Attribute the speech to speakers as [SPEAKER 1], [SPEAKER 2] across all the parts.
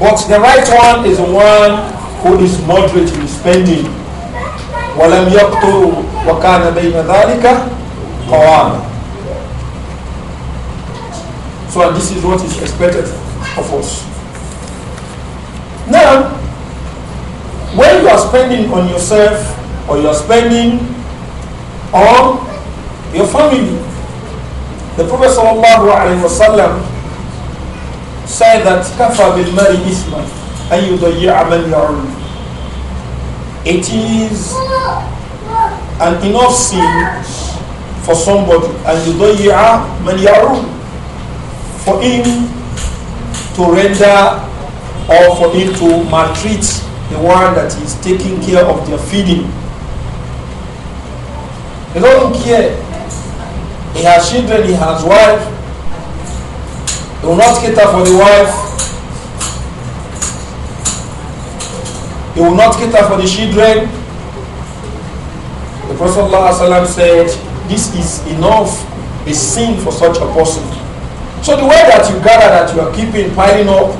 [SPEAKER 1] But the right one is the one who is moderate in spending. ولم يقتل وكان بين ذلك قواما. So this is what is expected of us. Now, when you are spending on yourself or you are spending on your family, the Prophet sallallahu alaihi wasallam Say that kafa bil mari isman an yudayya man ya'un. It is an enough sin for somebody and yudayya man ya'un for him to render or for him to maltreat the one that is taking care of their feeding. He do not care. He has children, he has wife, will not cater for the wife. He will not cater for the children. The Prophet ﷺ said, This is enough, a sin for such a person. So the way that you gather, that you are keeping, piling up,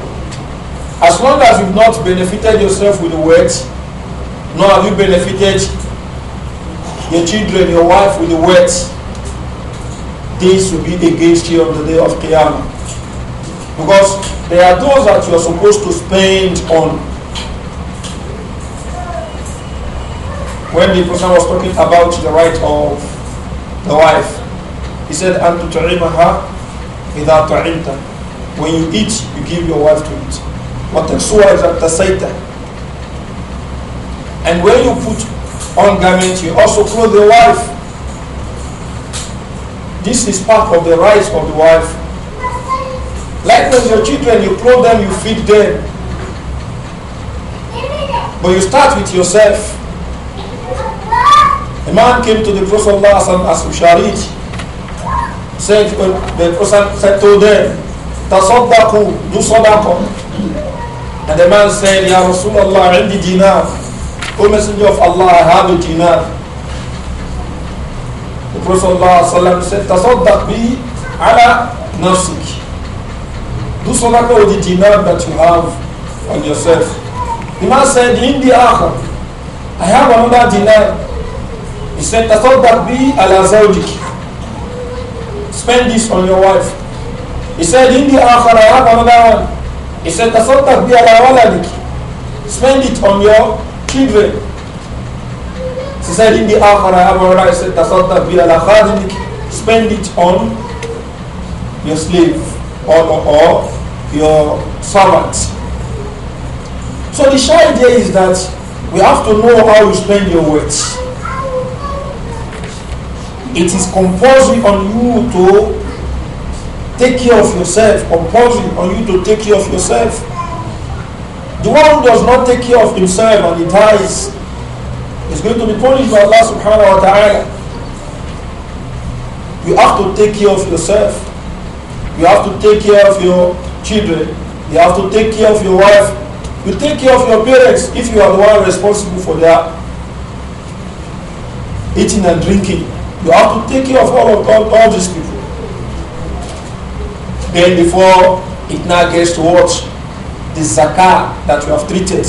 [SPEAKER 1] as long as you've not benefited yourself with the words, nor have you benefited your children, your wife with the words, this will be against you on the day of Qiyamah. Because there are those that you are supposed to spend on. When the person was talking about the right of the wife, he said, أَنْ تُتْعِمَهَا إِذَا تَعِمْتَ When you eat, you give your wife to eat. وَتَكْسُوَا إِذَا تَسَيْتَ And when you put on garment, you also clothe the wife. This is part of the rights of the wife Likewise, your children, you clothe them, you feed them. But you start with yourself. A man came to the Prophet as we shall Said, the Prophet said to them, Tasaddaku, do sadaqah. And the man said, Ya Rasulullah, عندي dinar. O Messenger of Allah, I have a dinar. The Prophet said, Tasaddaq bi ala nafsik. Do sadaqah with the dinar that you have on yourself. The man said, In the akhir, I have another dinar. He said, all that be zawjik. Spend this on your wife. He said, In the akhir, I have another one. He said, all that be waladik. Spend it on your children. He said, In the akhir, I have another. He said, all that be khadidik. Spend it on your slave or, or, or your servant. So the shy idea is that we have to know how you spend your words. It is compulsory on you to take care of yourself, compulsory on you to take care of yourself. The one who does not take care of himself and he dies is going to be punished by Allah subhanahu wa ta'ala. You have to take care of yourself. You have to take care of your children. You have to take care of your wife. You take care of your parents if you are the one responsible for their eating and drinking. You have to take care of all of all, all these people. Then before it now gets to what? The zakah that you have treated.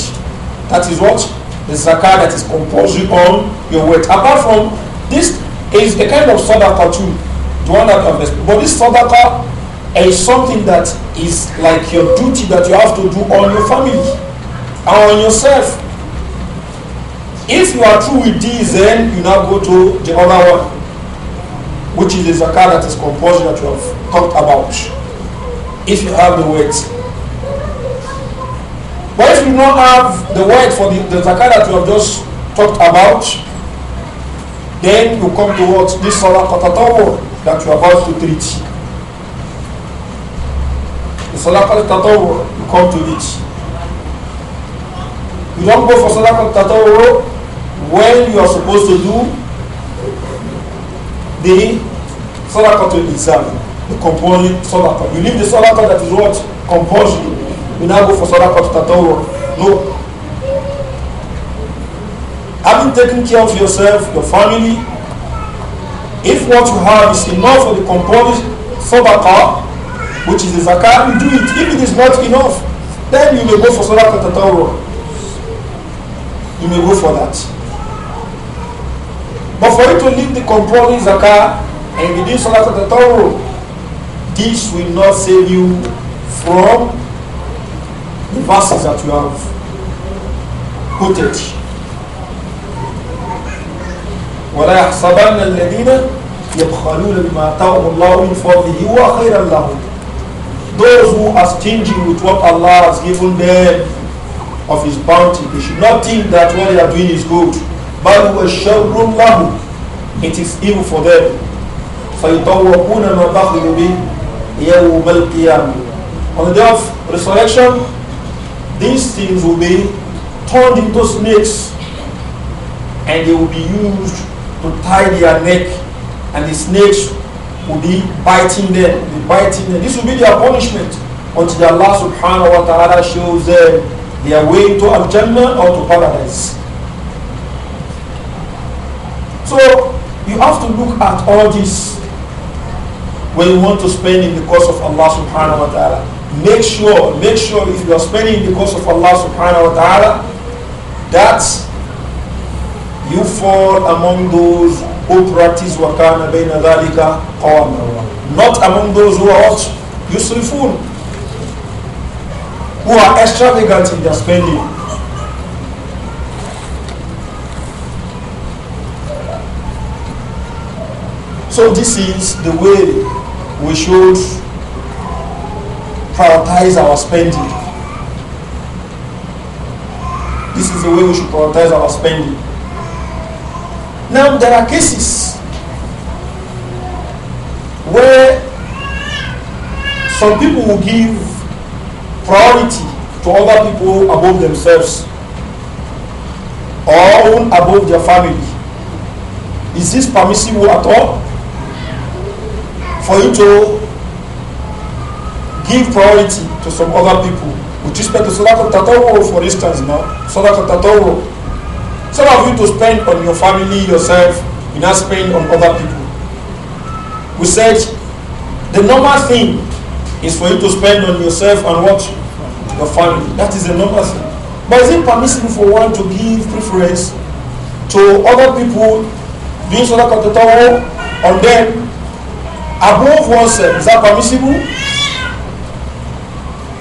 [SPEAKER 1] That is what? The zakah that is compulsory on your wealth. Apart from this is a kind of sadaqah too. The one that I've explained. But this sadaqah is something that is like your duty that you have to do on your family and on yourself. If you are true with these, then you now go to the other one, which is the zakat that is compulsory that you have talked about. If you have the weight. But if you don't have the word for the, the zakat that you have just talked about, then you come to what? This salah that you are about to treat. Salatul Tatawur, you come to it. You don't go for Salatul Tatawur when you are supposed to do the Salatul exam. the compulsory Salatul. You leave the Salatul that is what? Compulsory. You now go for Salatul Tatawur. No. Having taken care of yourself, your family, if what you have is enough for the compulsory Sadaqah, which is the zakah? you do it. If it is not enough, then you may go for salah al You may go for that. But for you to leave the controlling zakah and be doing Salat al this will not save you from the verses that you have quoted. ولا يحسبن الذين يبخلون بما آتاهم الله من فضله هو خيرا لهم those who are stingy with what Allah has given them of His bounty, they should not think that what they are doing is good. But it is evil for them. On the day of resurrection, these things will be turned into snakes and they will be used to tie their neck and the snakes will be biting them, be biting them. This will be their punishment until Allah subhanahu wa ta'ala shows them their way to Al-Jannah or to paradise. So you have to look at all this when you want to spend in the cause of Allah subhanahu wa ta'ala. Make sure, make sure if you are spending in the cause of Allah subhanahu wa ta'ala, that you fall among those who practice وَكَانَ baina ذَلِكَ قَوَامًا Not among those who are what? Yusrifun. Who are extravagant in their spending. So this is the way we should prioritize our spending. This is the way we should prioritize our spending. Now, there are cases where some people will give priority to other people above themselves or even above their family. Is this permissible at all? For you to give priority to some other people with respect to Sadaqat Tatawu, for instance, now, Sadaqat Tatawu Some of you to spend on your family, yourself, you now spend on other people. We said the normal thing is for you to spend on yourself and watch Your family. That is the normal thing. But is it permissible for one to give preference to other people being Sadaqah of the on them above oneself? Is that permissible?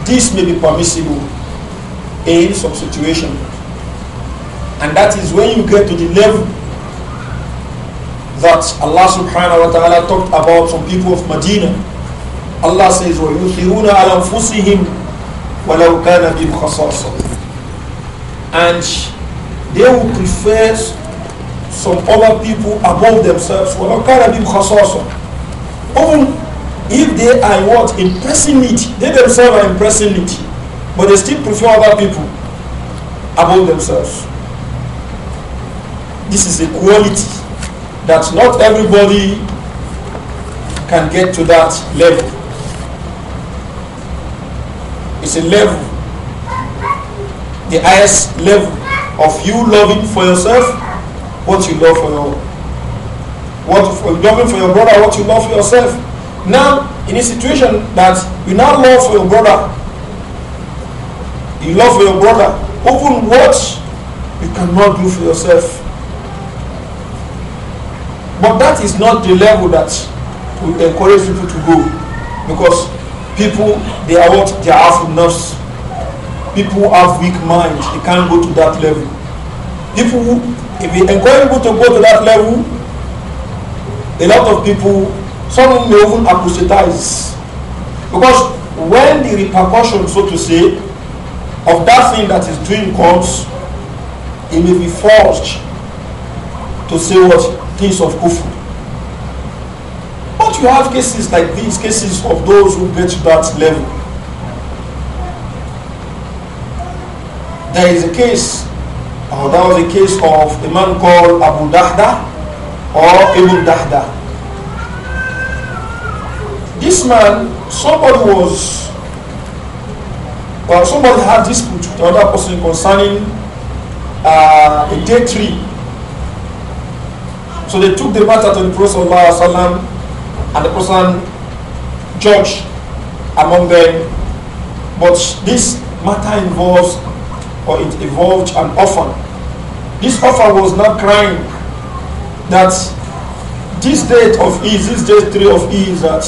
[SPEAKER 1] This may be permissible in some situation. And that is when you get to the level that Allah subhanahu wa ta'ala talked about some people of Medina. Allah says, وَيُثِرُونَ عَلَى أَنفُسِهِمْ وَلَوْ كَانَ بِهِمْ خَصَاصًا And they will prefer some other people above themselves. وَلَوْ كَانَ بِهِمْ خَصَاصًا Even if they are what? In pressing They themselves are in pressing But they still prefer other people above themselves this is a quality that not everybody can get to that level. It's a level, the highest level of you loving for yourself what you love for your what for loving for your brother what you love for yourself. Now in a situation that you now love for your brother, you love for your brother, open what you cannot do for yourself. But that is not the level that we encourage people to go because people, they are what? They are half nerves. People have weak minds. They can't go to that level. People, who, if we encourage people to go to that level, a lot of people, some may even apostatize. Because when the repercussion, so to say, of that thing that is doing comes, it may be forced to say what things of kufr. But you have cases like these, cases of those who get to that level. There is a case, or there was a case of a man called Abu Dahda or Ibn Dahda. This man, somebody was, well, somebody had dispute with another person concerning uh, a day tree so they took the matter to the Prophet ﷺ, and the Prophet judged among them. But this matter involves, or it involved an orphan. This orphan was not crying that this date of ease, this day three of ease, that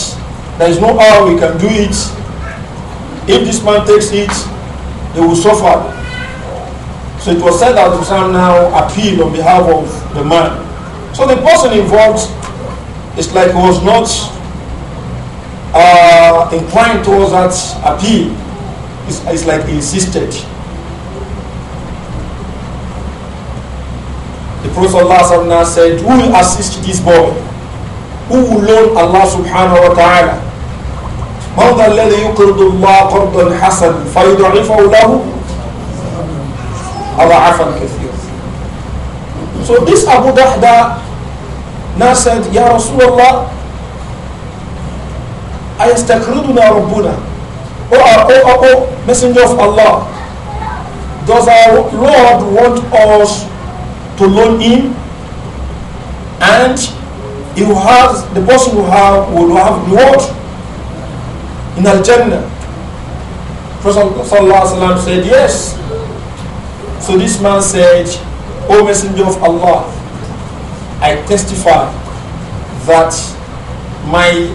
[SPEAKER 1] there is no how we can do it. If this man takes it, they will suffer. So it was said that Hussein now appealed on behalf of the man. So the person involved is like was not uh, inclined towards that appeal. It's, it's like he insisted. The Prophet Allah said, Who will assist this boy? Who will loan Allah subhanahu wa ta'ala? من ذا الذي يقرض الله قرضا حسنا فيضعفه له أضعافا كثيرا So this Abu Dahda now said, Ya Rasulullah, Ayastakriduna Rabbuna. Oh, oh, oh, oh, Messenger of Allah, does our Lord want us to loan him? And he will have, the person who have, will have reward in Al Jannah. Prophet said, Yes. So this man said, O Messenger of Allah, I testify that my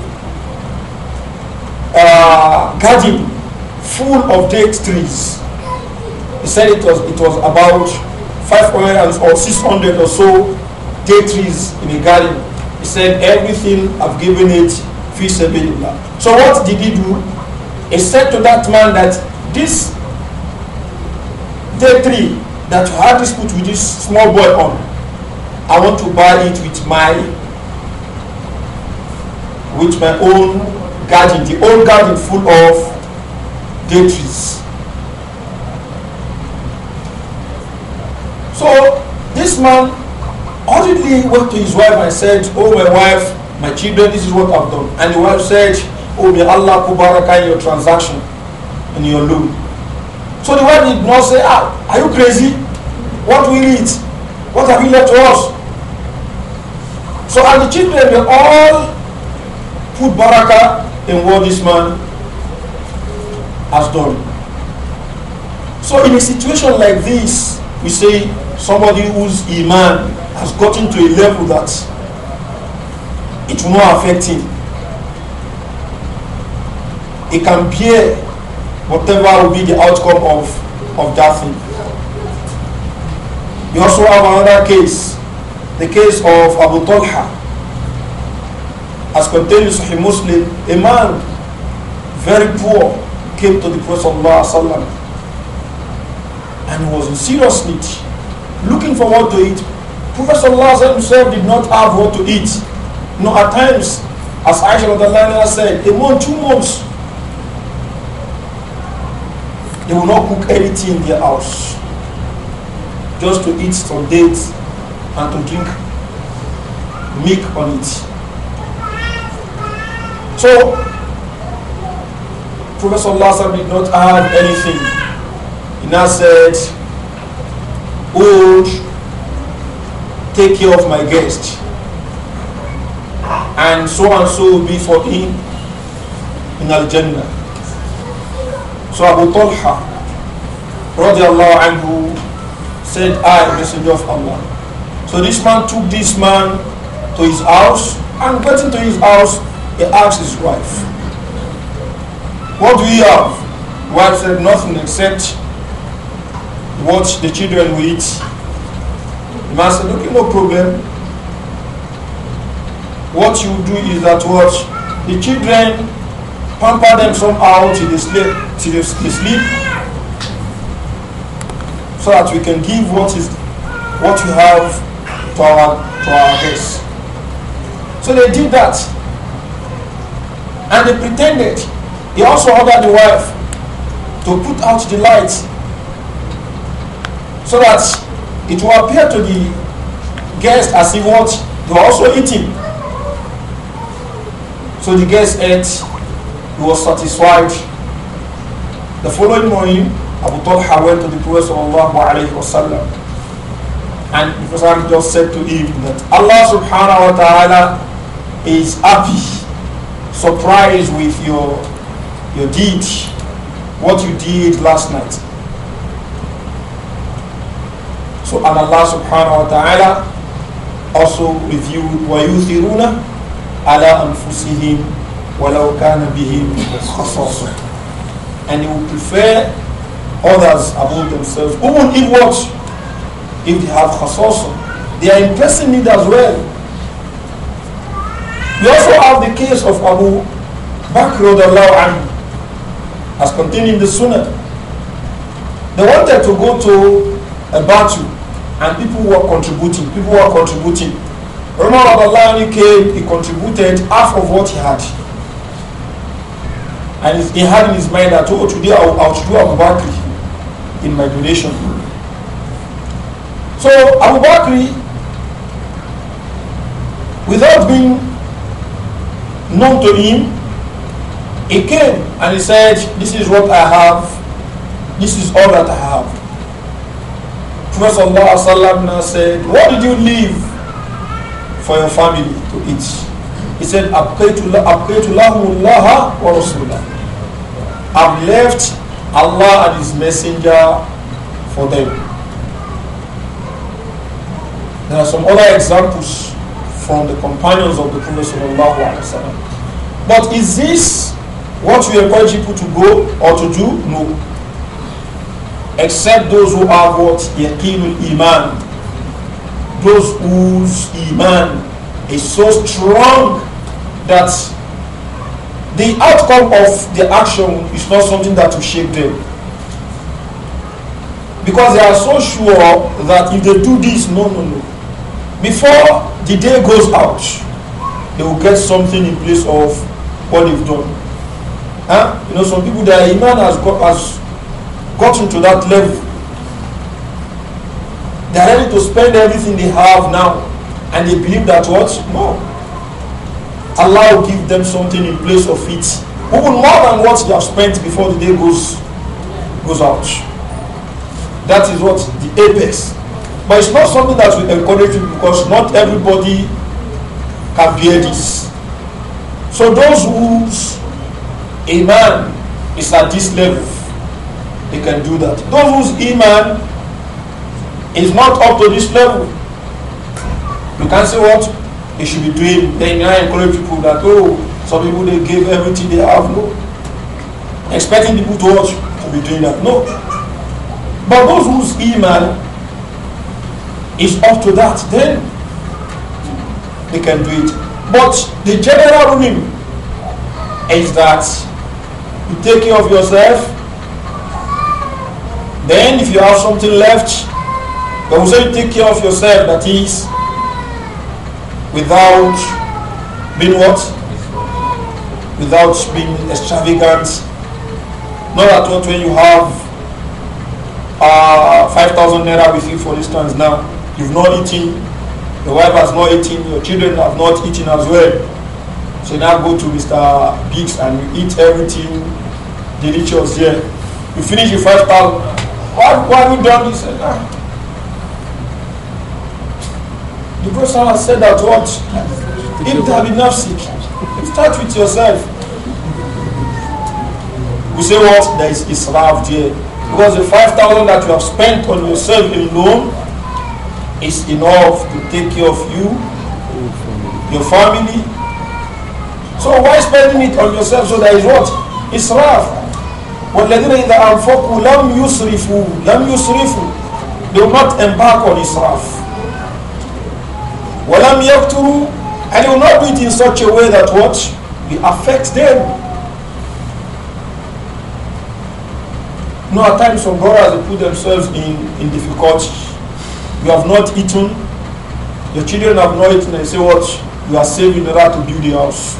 [SPEAKER 1] uh, garden full of date trees. He said it was it was about 500 or 600 or so date trees in a garden. He said everything I've given it feasible. So what did he do? He said to that man that this date tree that you had this put with this small boy on, I want to buy it with my with my own garden, the old garden full of date trees. So this man hurriedly went to his wife and said, Oh my wife, my children, this is what I've done. And the wife said, Oh may Allah kubaraka your transaction and your loan. So the wife did not say, Ah, are you crazy? What will it? What have you left to us? So as the children, we all put baraka in what this man has done. So in a situation like this, we say somebody whose man has gotten to a level that it will not affect him. It can bear whatever will be the outcome of, of that thing. You also have another case the case of Abu Talha, as contained in Sahih Muslim, a man very poor came to the Prophet ﷺ and was in serious need, looking for what to eat. Prophet ﷺ himself did not have what to eat. No, at times, as Aisha said, a month, two months, they will not cook anything in their house just to eat some dates and to drink milk on it. So, Professor Sallallahu did not have anything. He now said, Would take care of my guest, and so and so will be for him in Al Jannah. So Abu Talha, radiallahu anhu, said, I, Messenger of Allah. So this man took this man to his house, and getting to his house, he asked his wife, What do you have? The wife said, Nothing except what the children will eat. The man said, Okay, no problem. What you do is that what the children pamper them somehow till they sleep, till they sleep so that we can give what is what you have to our to our heads. So they did that. And they pretended. He also ordered the wife to put out the lights so that it will appear to the guests as if what they were also eating. So the guests ate, he was satisfied. The following morning, Abu Talha went to the Prophet sallallahu alayhi wa sallam And the Prophet just said to him that Allah subhanahu wa ta'ala is happy, surprised with your, your deed, what you did last night. So and Allah subhanahu wa ta'ala also reviewed وَيُثِرُونَ عَلَىٰ أَنفُسِهِمْ وَلَوْ كَانَ بِهِمْ خَصَاصًا And he would prefer others above themselves, Who will he what if they have khasasa. They are impressing it as well. We also have the case of Abu Bakr anhu, as contained in the Sunnah. They wanted to go to a battle and people were contributing, people were contributing. Umar Abdullah came, he contributed half of what he had. And he had in his mind that, oh, today I will do Abu Bakr in my donation. So Abu Bakr, without being known to him, he came and he said, This is what I have, this is all that I have. Prophet Allah said, What did you leave for your family to eat? He said, I've left Allah and His Messenger for them. There are some other examples from the companions of the Prophet But is this what we encourage people to go or to do? No. Except those who have what? Yaqeenul Iman. Those whose Iman is so strong that the outcome of the action is not something that will shake them. Because they are so sure that if they do this, no, no, no before the day goes out, they will get something in place of what they've done. Huh? You know, some people, their iman has, got, has gotten to that level. They are ready to spend everything they have now. And they believe that what? No. Allah will give them something in place of it. Even more than what they have spent before the day goes, goes out. That is what the apex but it's not something that we encourage you because not everybody can bear this. So those whose iman is at this level, they can do that. Those whose iman is not up to this level, you can say what they should be doing. Then I encourage people that oh, some people they give everything they have. No, expecting people to watch to be doing that. No, but those whose iman is up to that, then they can do it. But the general rule is that you take care of yourself. Then, if you have something left, they will say take care of yourself. That is, without being what? Without being extravagant. Not at what when you have uh, 5,000 naira with you, for instance, now You've not eaten, your wife has not eaten, your children have not eaten as well. So now go to Mr. Biggs and you eat everything delicious here. You finish the first part. Why, why have you done this? Ah. The person has said that what? have enough nafsik. Start with yourself. We say what? There is israf there. Because the 5,000 that you have spent on yourself alone is enough to take care of you, your family. So why spending it on yourself? So that is what? Israf. والذين إذا أنفقوا لم يسرفوا لم يسرفوا They will not embark on Israf. وَلَمْ to, And they will not do it in such a way that what? we affect them. You know, at times some brothers put themselves in, in difficulty you have not eaten, your children have not eaten, and say, What? You are saving the to build the house.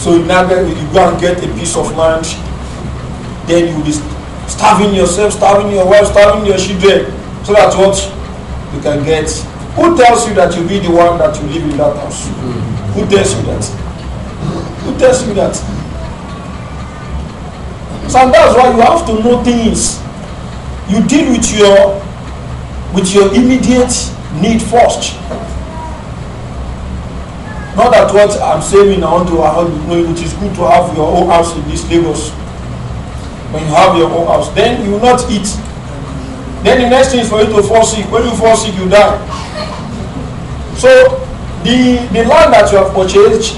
[SPEAKER 1] so now that you go and get a piece of land, then you will be starving yourself, starving your wife, starving your children, so that what? You can get. Who tells you that you'll be the one that you live in that house? Who tells you that? Who tells you that? So that's why you have to know things. You deal with your with your immediate need first. Not that what I'm saying I want to know it is good to have your own house in this Lagos. When you have your own house, then you will not eat. Then the next thing is for you to fall sick. When you fall sick, you die. So the, the land that you have purchased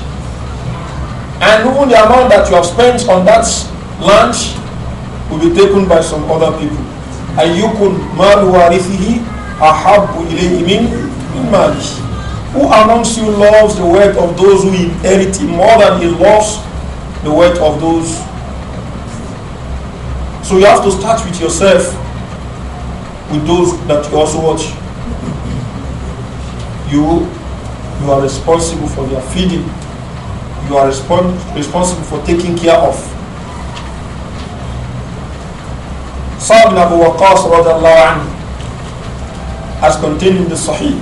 [SPEAKER 1] and even the amount that you have spent on that Lunch will be taken by some other people. And you could malu warithihi ahabbu min mali. Who amongst you loves the wealth of those who inherit him more than he loves the wealth of those? So you have to start with yourself, with those that you also watch. You, you are responsible for their feeding. You are respons responsible for taking care of Sa'd Abu Waqqas radiallahu anhu as contained in the Sahih.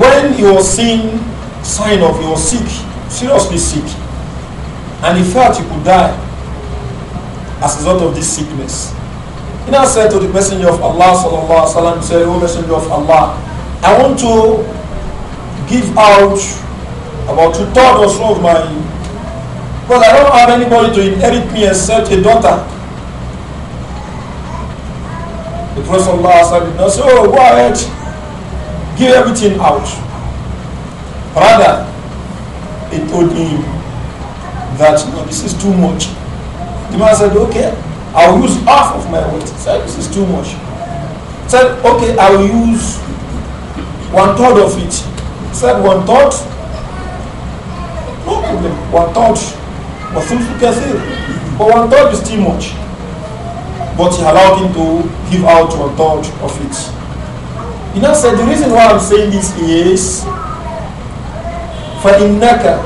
[SPEAKER 1] When he was seeing sign of he was sick, seriously sick, and he felt he could die as a result of this sickness. He now said to the messenger of Allah sallallahu alaihi wasallam, said, "O messenger of Allah, I want to give out about two thirds of my Because I don't have anybody to inherit me except a daughter. The Prophet Allah said, not say, Oh, go ahead, give everything out. Rather, he told him that no, this is too much. The man said, Okay, I'll use half of my wealth. He said, This is too much. He said, Okay, I'll use one third of it. He said, One third? No problem, one third. But one third is too much. But he allowed him to give out one third of it. You know, so the reason why I'm saying this is فإنك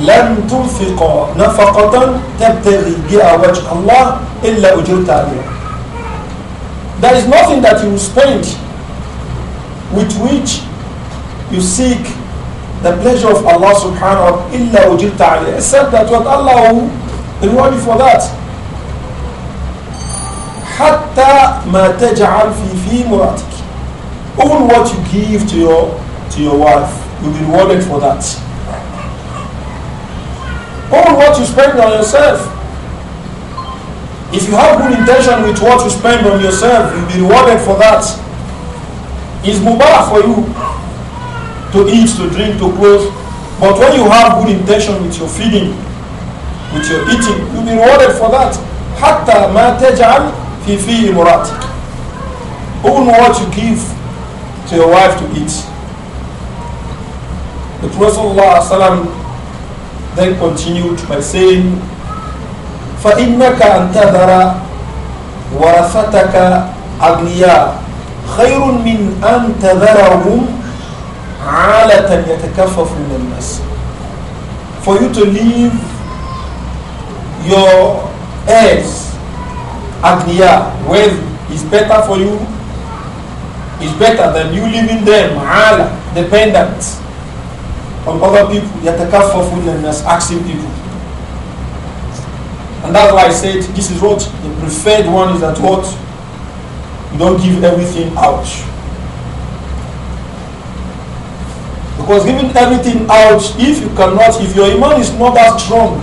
[SPEAKER 1] لن تنفق نفقة تبتغي بها وجه الله إلا أجرت عليها. There is nothing that you spend with which you seek the pleasure of Allah subhanahu wa Taala. Except that what Allah will reward you for that. Hatta what you give to your to your wife, you'll be rewarded for that. all what you spend on yourself. If you have good intention with what you spend on yourself, you'll be rewarded for that. It's for you to eat, to drink, to clothe. But when you have good intention with your feeding, with your eating, you'll be rewarded for that. Hatta ما fi fi فيه مراتك. Even what you give to your wife to eat. The Prophet ﷺ then continued by saying, فإنك أن تذر ورثتك أغنياء خير من أن تذرهم عالة يتكفف من الناس for you to leave your heirs agniya wealth it's better for you is better than you leaving them all dependent on other people يتكفف من الناس asking people and that's why I said this is what the preferred one is that what you don't give everything out Because giving everything out, if you cannot, if your iman is not that strong,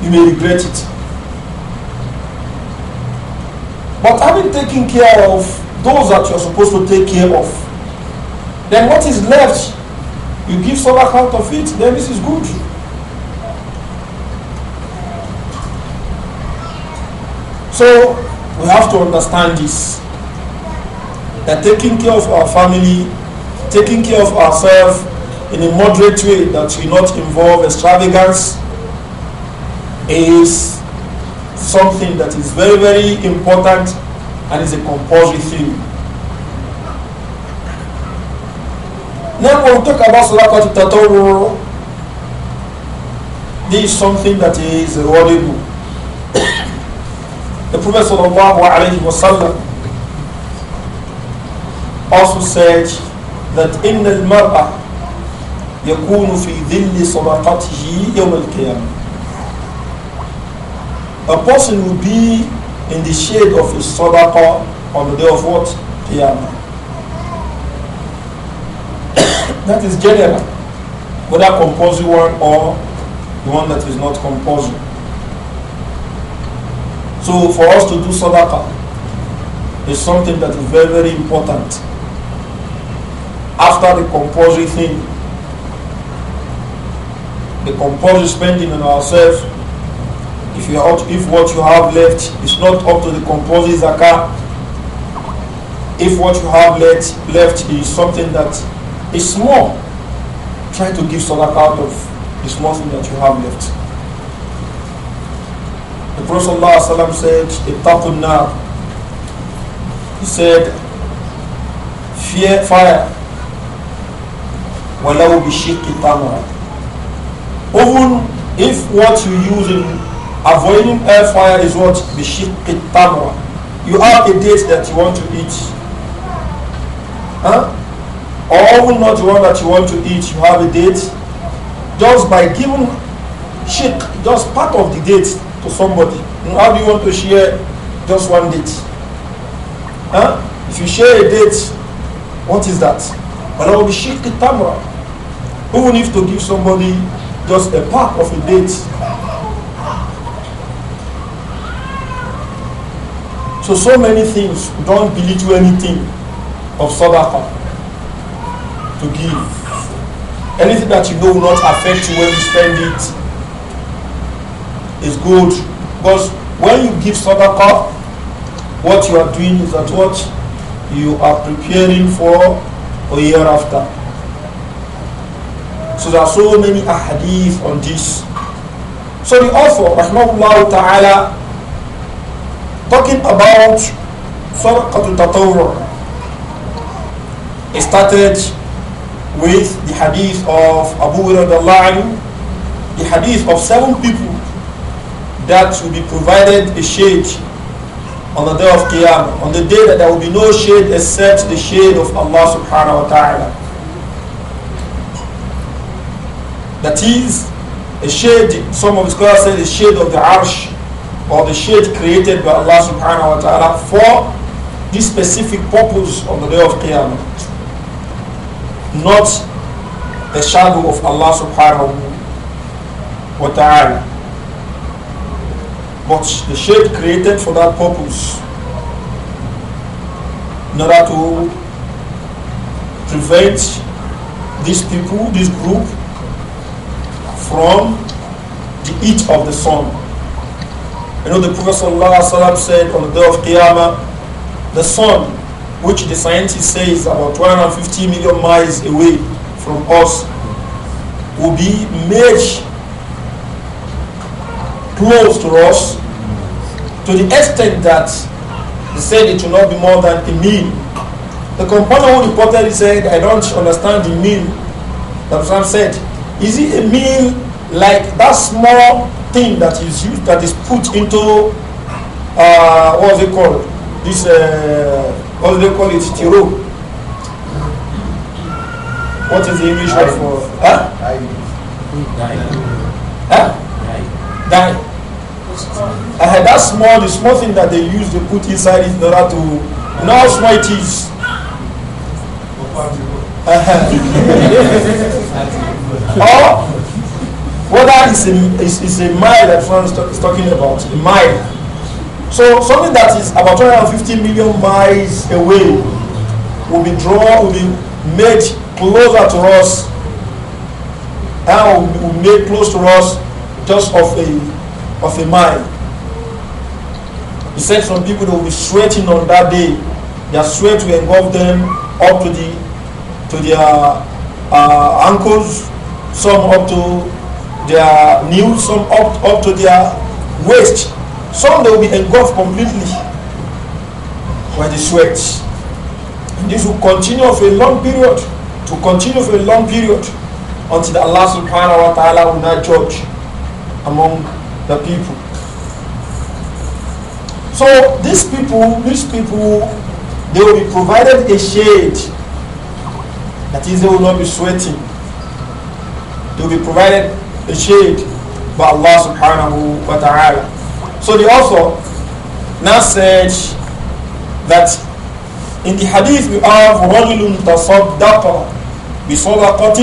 [SPEAKER 1] you may regret it. But having taken care of those that you're supposed to take care of, then what is left? You give some account of it, then this is good. So we have to understand this that taking care of our family taking care of ourselves in a moderate way that will not involve extravagance is something that is very, very important and is a compulsory thing. Now when we talk about Salakat Tatawur, this is something that is rewardable. the Prophet Sallallahu Alaihi Wasallam also said that in إن yakunu fi في ذل صداقته al القيامة a person will be in the shade of his sadaqah on the day of what? Qiyamah. that is general, whether compulsory one or the one that is not compulsory. So for us to do sadaqah is something that is very, very important after the compulsory thing. The compulsory spending on ourselves. If you out, if what you have left is not up to the compulsory zakah, if what you have left left is something that is small, try to give sadaqah out of the small thing that you have left. The Prophet ﷺ said, Ittaqun nar. He said, fear fire will be tamra. Even if what you use in avoiding fire is what bishiki tamra. You have a date that you want to eat. Huh? Or even not one that you want to eat, you have a date. Just by giving shirk, just part of the date to somebody. And how do you want to share just one date? Huh? If you share a date, what is that? But I will be shirk tamra. Who needs to give somebody just a part of a date? So, so many things don't belittle anything of sadaqah to give. Anything that you know will not affect you when you spend it is good. Because when you give sadaqah, what you are doing is that what you are preparing for a year after. So there are so many ahadith on this. So the author, rahmahullah ta'ala, talking about Sadaqatul Tatawwur, it started with the hadith of Abu Hurairah, the hadith of seven people that will be provided a shade on the day of Qiyamah, on the day that there will be no shade except the shade of Allah subhanahu wa ta'ala. That is a shade, some of the scholars say the shade of the arsh or the shade created by Allah subhanahu wa ta'ala for this specific purpose on the day of Qiyamah. Not the shadow of Allah subhanahu wa ta'ala. But the shade created for that purpose in order to prevent these people, this group, from the heat of the sun. You know, the Prophet ﷺ said on the day of Qiyamah, the sun, which the scientists say is about 250 million miles away from us, will be made close to us to the extent that they said it will not be more than a mean. The companion who reported said, I don't understand the mean that Sam said. Is it a meal like that small thing that is used, that is put into, uh, what is it called? This, uh, what do they call it? Tiro. What is the English word for? Huh? Die. Huh? Die. Die. I had that small, the small thing that they use to put inside it in order to, you know how small it is. Uh -huh. or whether it's a, it's, it's a mile that France is talking about, a mile. So something that is about 250 million miles away will be drawn, will be made closer to us, and will be made close to us just of a, of a mile. He said some people will be sweating on that day. Their sweat will engulf them up to the to their uh, ankles some up to their knees, some up, up to their waist. Some they will be engulfed completely by the sweat. And this will continue for a long period, to continue for a long period until the Allah subhanahu wa ta'ala will not judge among the people. So these people, these people, they will be provided a shade. That is, they will not be sweating. You'll be provided a shade by Allah subhanahu wa ta'ala. So the author now said that in the hadith we have رَجُلٌ تَصَدَّقَ بِصَدَقَةٍ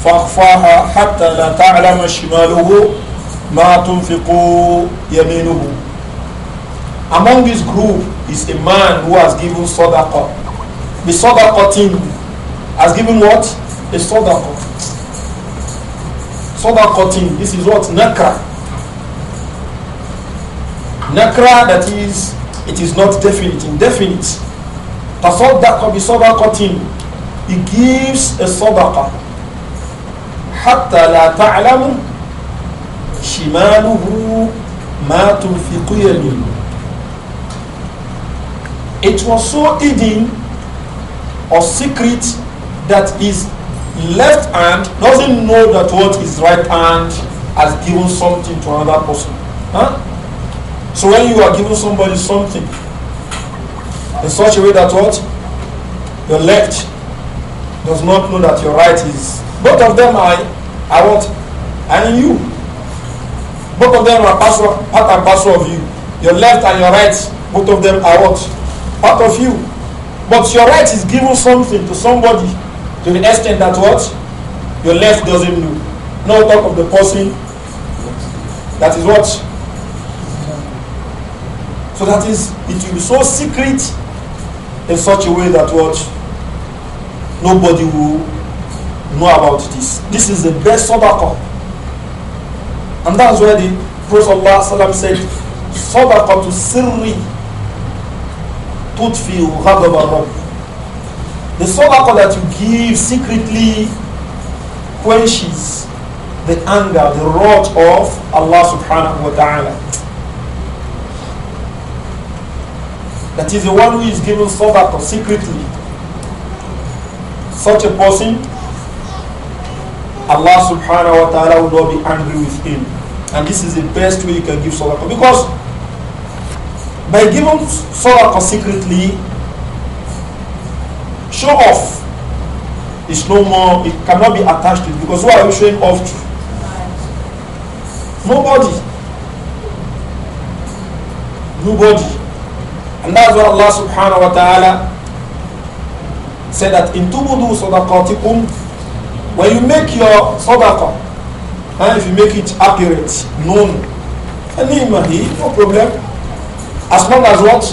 [SPEAKER 1] فَأَخْفَاهَا حَتَّى لَا تَعْلَمَ شِمَالُهُ مَا تُنْفِقُ يَمِينُهُ Among this group is a man who has given sadaqah. The sadaqah team has given what? A sadaqah. sadaqatin. This is what nakra. Nakra that is it is not definite, indefinite. Tasaddaqa bi sadaqatin. He gives a sadaqa. Hatta la ta'lamu shimaluhu ma tunfiqu It was so hidden or secret that is left hand doesn't know that what his right hand has given something to another person. Huh? So when you are giving somebody something in such a way that what your left does not know that your right is both of them are are what and you both of them are parcel, part and parcel of you your left and your right both of them are what part of you but your right is giving something to somebody To the extent that what? Your left doesn't know. No talk of the person. That is what? So that is, it will be so secret in such a way that what? Nobody will know about this. This is the best sadaqah. And that's where the Prophet ﷺ said, صدقة السر تطفئ غضب الرب the sadaqah that you give secretly quenches the anger, the wrath of Allah subhanahu wa ta'ala. That is the one who is giving sadaqah secretly. Such a person, Allah subhanahu wa ta'ala will not be angry with him. And this is the best way you can give sadaqah. Because by giving sadaqah secretly, show off is no more, it cannot be attached to it because who are you showing off to? Nobody. Nobody. And that's what Allah subhanahu wa ta'ala said that in tubudu sadaqatikum when you make your sadaqah and if you make it accurate, known, no problem. As long as what?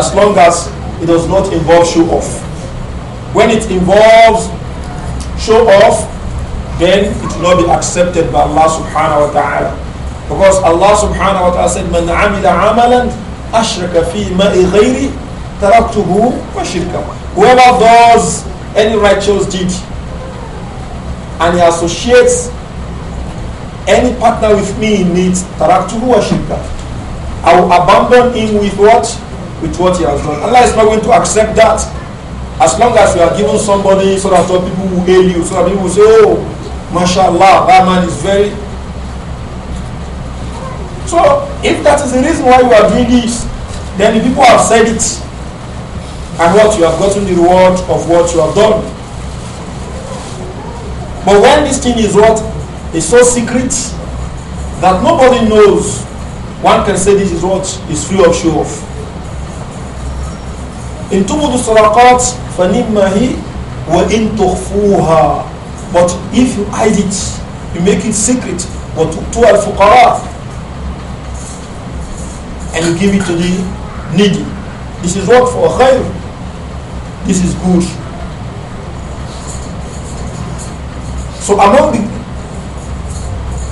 [SPEAKER 1] As long as it does not involve show off. When it involves show off, then it will not be accepted by Allah subhanahu wa ta'ala. Because Allah subhanahu wa ta'ala said, Man amila amalan ashraka fi ma'i ghayri taraktuhu wa shirka. Whoever does any righteous deed and he associates any partner with me in it, taraktuhu wa shirka. I will abandon him with what? with what he has done. Allah is not going to accept that as long as you are giving somebody so that some people will hail you, so that people will say, oh, mashallah, that man is very. So if that is the reason why you are doing this, then the people have said it. And what you have gotten the reward of what you have done. But when this thing is what is so secret that nobody knows, one can say this is what is free of show off. In إن تبدوا الصدقات فنما هي وإن تخفوها But if you hide it, you make it secret, But وتؤتوا الفقراء and you give it to the needy. This is what for خير. This is good. So among the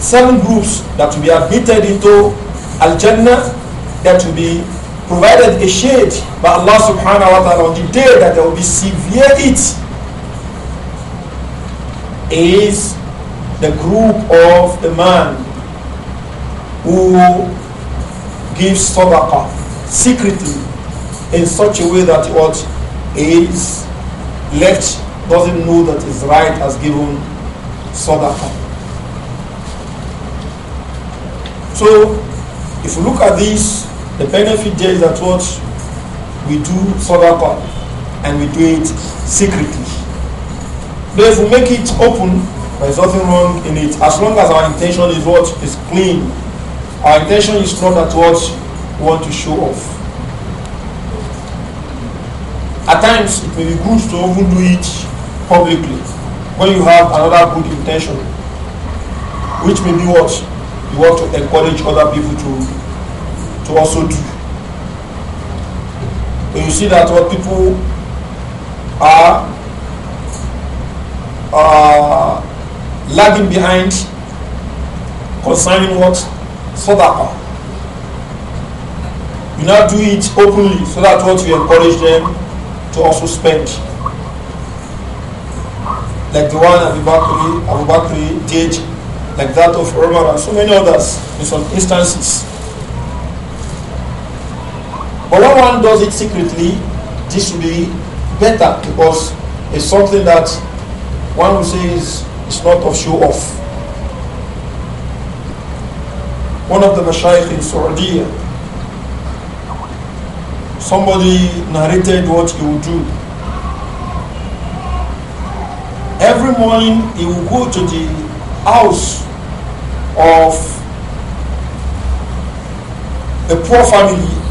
[SPEAKER 1] seven groups that will be admitted into Al-Jannah, that will be provided a shade by Allah subhanahu wa ta'ala on the day that there will be severe heat is the group of the man who gives sadaqah secretly in such a way that what is left doesn't know that his right has given sadaqah. So if you look at this the benefit there is that what we do God, and we do it secretly. But if we make it open, there's nothing wrong in it. As long as our intention is what is clean. Our intention is not that what we want to show off. At times it may be good to even do it publicly when you have another good intention, which may be what you want to encourage other people to To also do, But you see that what people are are uh, lagging behind concerning what sadaqa. You now do it openly so that what you encourage them to also spend. Like the one Abu Bakr, Abu Bakr did, like that of Umar and so many others in some instances. But when one does it secretly, this will be better because it's something that one will say is, is not of show off. One of the Mashaykh in Saudi, somebody narrated what he would do. Every morning he would go to the house of a poor family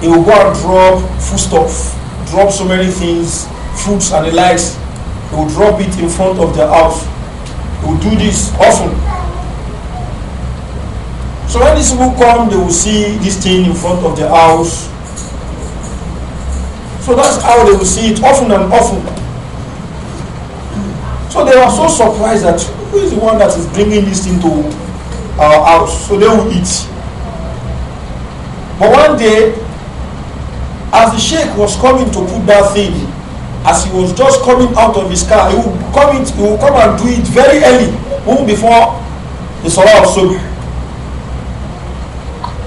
[SPEAKER 1] he will go and drop foodstuff, drop so many things, fruits and the likes. He will drop it in front of the house. He will do this often. So when these people come, they will see this thing in front of the house. So that's how they will see it often and often. So they are so surprised that who is the one that is bringing this thing to our house? So they will eat. But one day, as the sheikh was coming to put that thing, as he was just coming out of his car, he would come, it, he will come and do it very early, even before the Salah of Subh.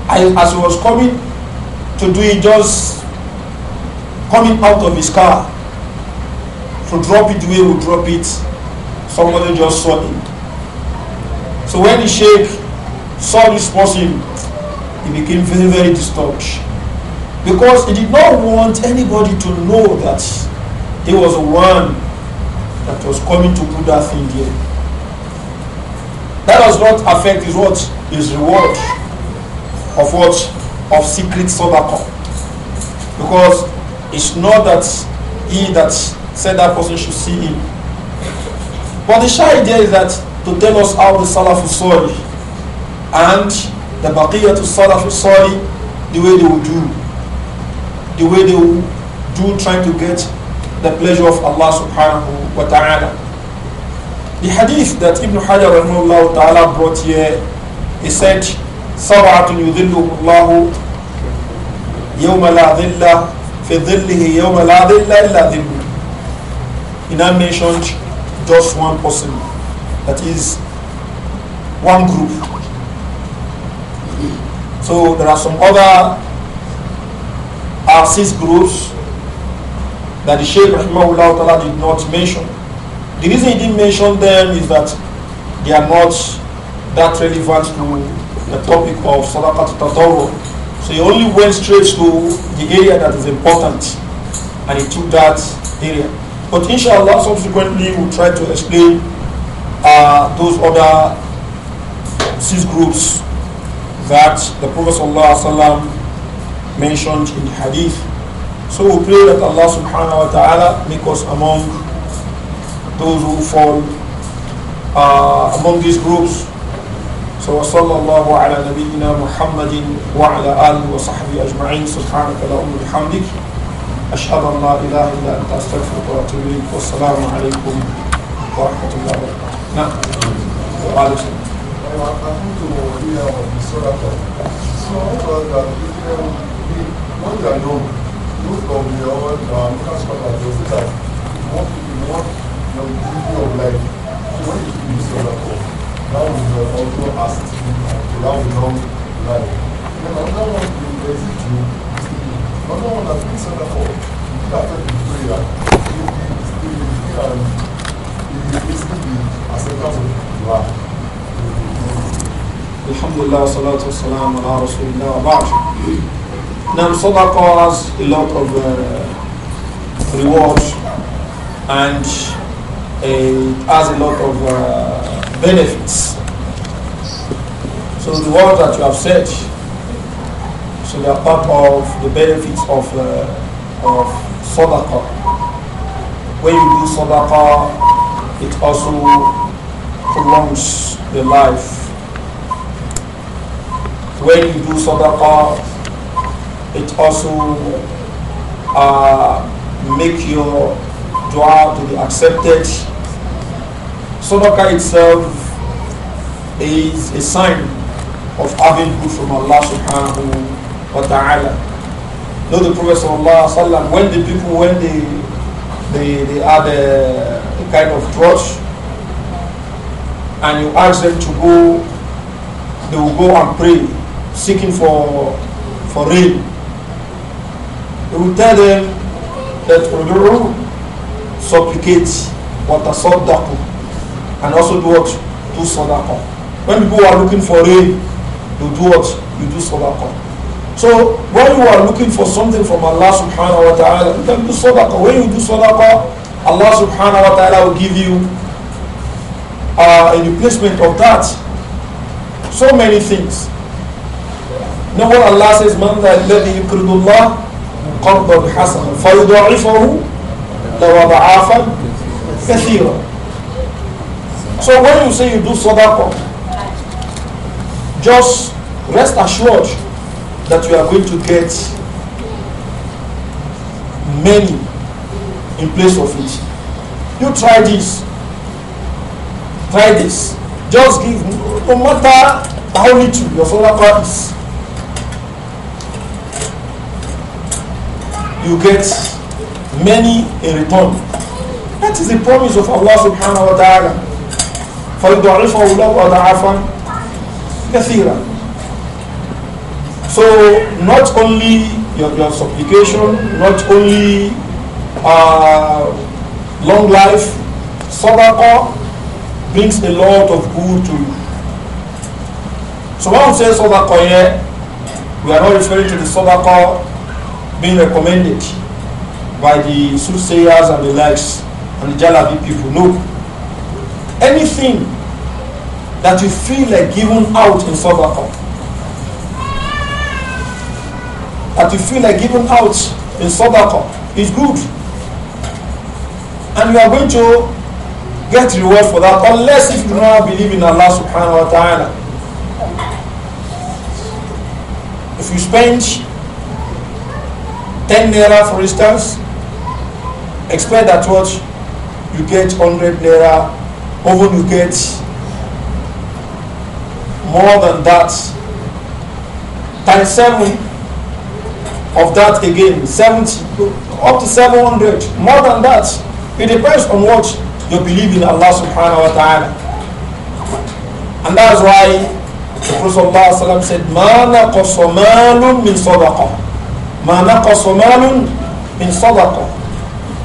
[SPEAKER 1] As he was coming to do it, just coming out of his car to drop it the way would drop it, somebody just saw him. So when the sheikh saw this person, he became very, very disturbed. Because he did not want anybody to know that he was the one that was coming to put that thing there. That does not affect his what? His reward of what? Of secret sadaqah. Because it's not that he that said that person should see him. But the shy idea is that to tell us how the Salaf Salih and the Baqiyah to Salaf Salih the way they would do the way they do trying to get the pleasure of Allah subhanahu wa ta'ala. The hadith that Ibn Hajar al ta'ala brought here, he said, سَبْعَةٌ يُذِلُّهُ اللَّهُ يَوْمَ لَا ذِلَّ فِي ظِلِّهِ يَوْمَ لَا ذِلَّ إِلَّا ذِلُّ He now mentioned just one person, that is one group. So there are some other are six groups that the Shaykh Rahimahullah Ta'ala did not mention. The reason he didn't mention them is that they are not that relevant to the topic of Sadaqat Tatawwur. So he only went straight to the area that is important and he took that area. But inshallah, subsequently, we'll try to explain uh, those other six groups that the Prophet Sallallahu Alaihi Wasallam mentioned in the hadith. So we pray that Allah subhanahu wa ta'ala make us among those who fall uh, among these groups. So وصلى الله على نبينا محمد وعلى آله وصحبه أجمعين سبحانك اللهم وبحمدك أشهد أن لا إله إلا أنت أستغفرك وأتوب إليك والسلام عليكم ورحمة الله وبركاته نعم وعلى السلام When they are young, most of the old um, scholars will say that what you want longevity of life. So when you keep this other course, that will also assist you to have a long life. Then another one is the issue. Another one that brings other course, it affects the prayer. It is the acceptance of dua. الحمد لله والصلاة والسلام على رسول الله وبعد Now, Sadaqah has a lot of uh, and it uh, has a lot of uh, benefits. So the words that you have said, so they are part of the benefits of, uh, of Sadaqah. When you do Sadaqah, it also prolongs the life. When you do Sadaqah, it also uh, make your dua to be accepted. Sadaqah itself is a sign of having good from Allah subhanahu wa ta'ala. Know the Prophet sallallahu alaihi wasallam, when the people, when they, they, they a, kind of trust, and you ask them to go, they will go and pray, seeking for, for rain we will tell them that Udu'u supplicate what tasaddaqu and also do what? Do sadaqah. When people are looking for rain, you do what? You do sadaqah. So when you are looking for something from Allah subhanahu wa ta'ala, you can do sadaqah. When you do sadaqah, Allah subhanahu wa ta'ala will give you uh, a replacement of that. So many things. Now what Allah says, Man that الَّذِي يُكْرِدُ اللَّهِ قرضا حسنا فيضاعفه ضعافا كثيرا So when you say you do sadaqah, just rest assured that you are going to get many in place of it. You try this, try this. Just give, no matter how little your sadaqah is, you get many in return. That is the promise of Allah subhanahu wa ta'ala. فَيُضَعِفَهُ اللَّهُ وَضَعَفًا كَثِيرًا So not only
[SPEAKER 2] your, your supplication, not only uh, long life,
[SPEAKER 1] sadaqah brings a lot of good to you. So when we say sadaqah here, we are not referring to the sadaqah being recommended by the soothsayers and the likes and the Jalabi people. No. Anything that you feel like giving out in Sadaqah, that you feel like giving out in Sadaqah is good. And you are going to get reward for that unless if you do not believe in Allah subhanahu wa ta'ala. If you spend 10 naira for instance expect that what you get 100 naira even you get more than that times 7 of that again 70 up to 700 more than that it depends on what you believe in Allah subhanahu wa ta'ala and that's why the Prophet said مَا نَقَصَ min مِّن ma naqasa malun min sadaqa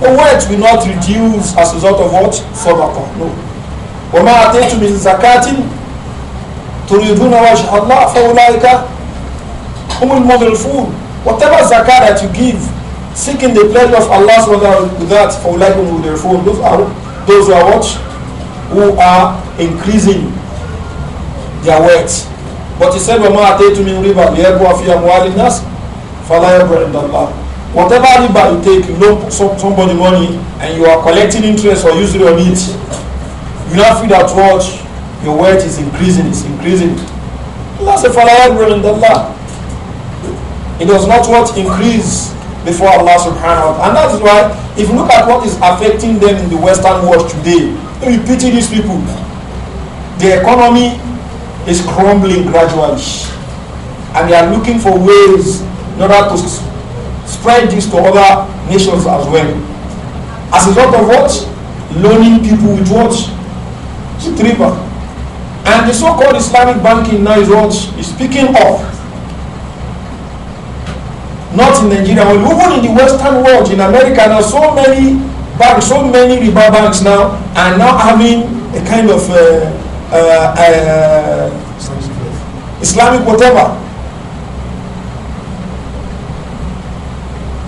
[SPEAKER 1] or what will not reduce as a result of what sadaqa no wa ma ataytum min zakatin turiduna wajha Allah fa ulaika humul mudhifun whatever zakat that you give seeking the pleasure of Allah subhanahu with that for ulaika mudhifun those are those who are what who are increasing their wealth but he said wa ma ataytum min riba liyabwa fi amwalin nas فَلَا يَبْرَ عِنْدَ Whatever riba you take, you loan somebody money and you are collecting interest or usury on it, you now feel that what your wealth is increasing, it's increasing. Allah said, فَلَا يَبْرَ عِنْدَ It does not what increase before Allah subhanahu wa ta'ala. And that is why, if you look at what is affecting them in the Western world today, you pity these people. The economy is crumbling gradually. And they are looking for ways in order to spread this to other nations as well. As a result of what? Loaning people with what? With riba. And the so-called Islamic banking now is what? Is speaking of, Not in Nigeria, but even in the Western world, in America, there are so many banks, so many river banks now, are now having a kind of uh, uh, uh, Islamic whatever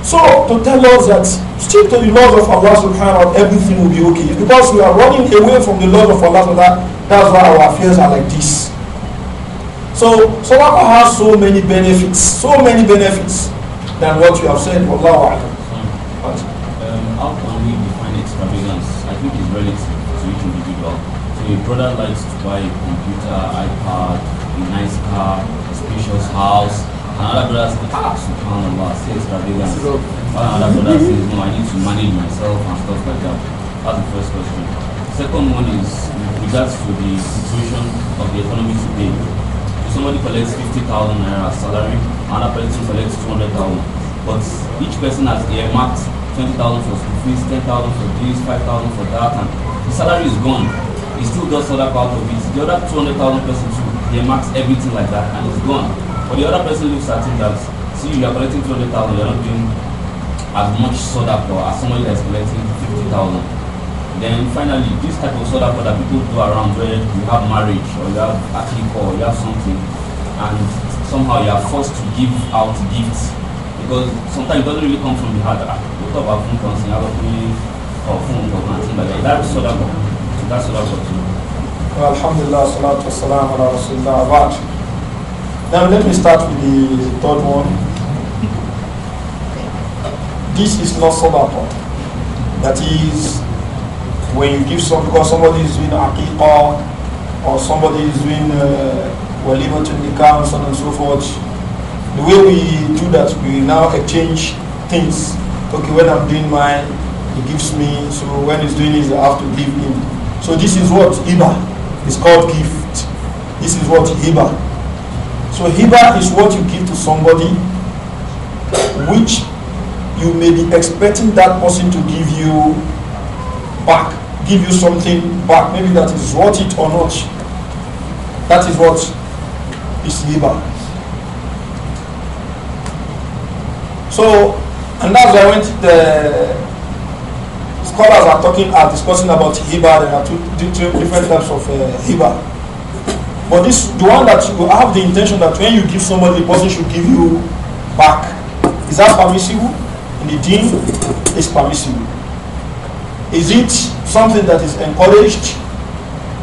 [SPEAKER 1] So to tell us that stick to the laws of Allah subhanahu wa ta'ala, everything will be okay. It's because we are running away from the laws of Allah subhanahu wa ta'ala, that's why our affairs are like this. So Sadaqah has so many benefits, so many benefits than what you have said, Wallahu A'lam.
[SPEAKER 3] But um, how can we define extravagance? I think it's relative to each individual. So a brother likes to buy a computer, iPad, a nice car, a spacious house, another brother says, ah, subhanallah, says Rabbigan. While another brother says, no, I need to manage myself and stuff like that. That's the first question. Second one is with regards to the situation of the economy today. If somebody collects 50,000 naira salary, another person collects 200,000. But each person has earmarked 20,000 for school fees, 10,000 for this, 5,000 for that, and the salary is gone. He still does other part of it. The other 200,000 person too, earmarks everything like that, and it's gone. But the other person looks at it that, see, you are collecting 200,000, you are not doing as much soda for as somebody that is collecting 50,000. Then finally, this type of soda for that people do around where you have marriage or you have a clique or you have something, and somehow you are forced to give out gifts because sometimes it doesn't really come from the heart. What ah, about phone calls? You have a feeling or phone calls and like that. That's
[SPEAKER 1] soda for. That's soda for too. Alhamdulillah, salatu wassalam ala rasulullah. Now let me start with the, third one. This is not sadaqah. That is when you give some because somebody is doing aqiqah or somebody is doing uh, walima to nikah and so on and so forth. The way we do that, we now exchange things. Okay, when I'm doing mine, he gives me. So when he's doing his, I have to give him. So this is what iba. is called gift. This is what iba. So hiba is what you give to somebody which you may be expecting that person to give you back, give you something back. Maybe that is worth it or not. That is what is hiba. So, and that's why when the scholars are talking, are discussing about hiba, there are two different types of uh, hiba. But this, the one that you have the intention that when you give somebody, the person should give you back. Is that permissible? In the deen, it's permissible. Is it something that is encouraged?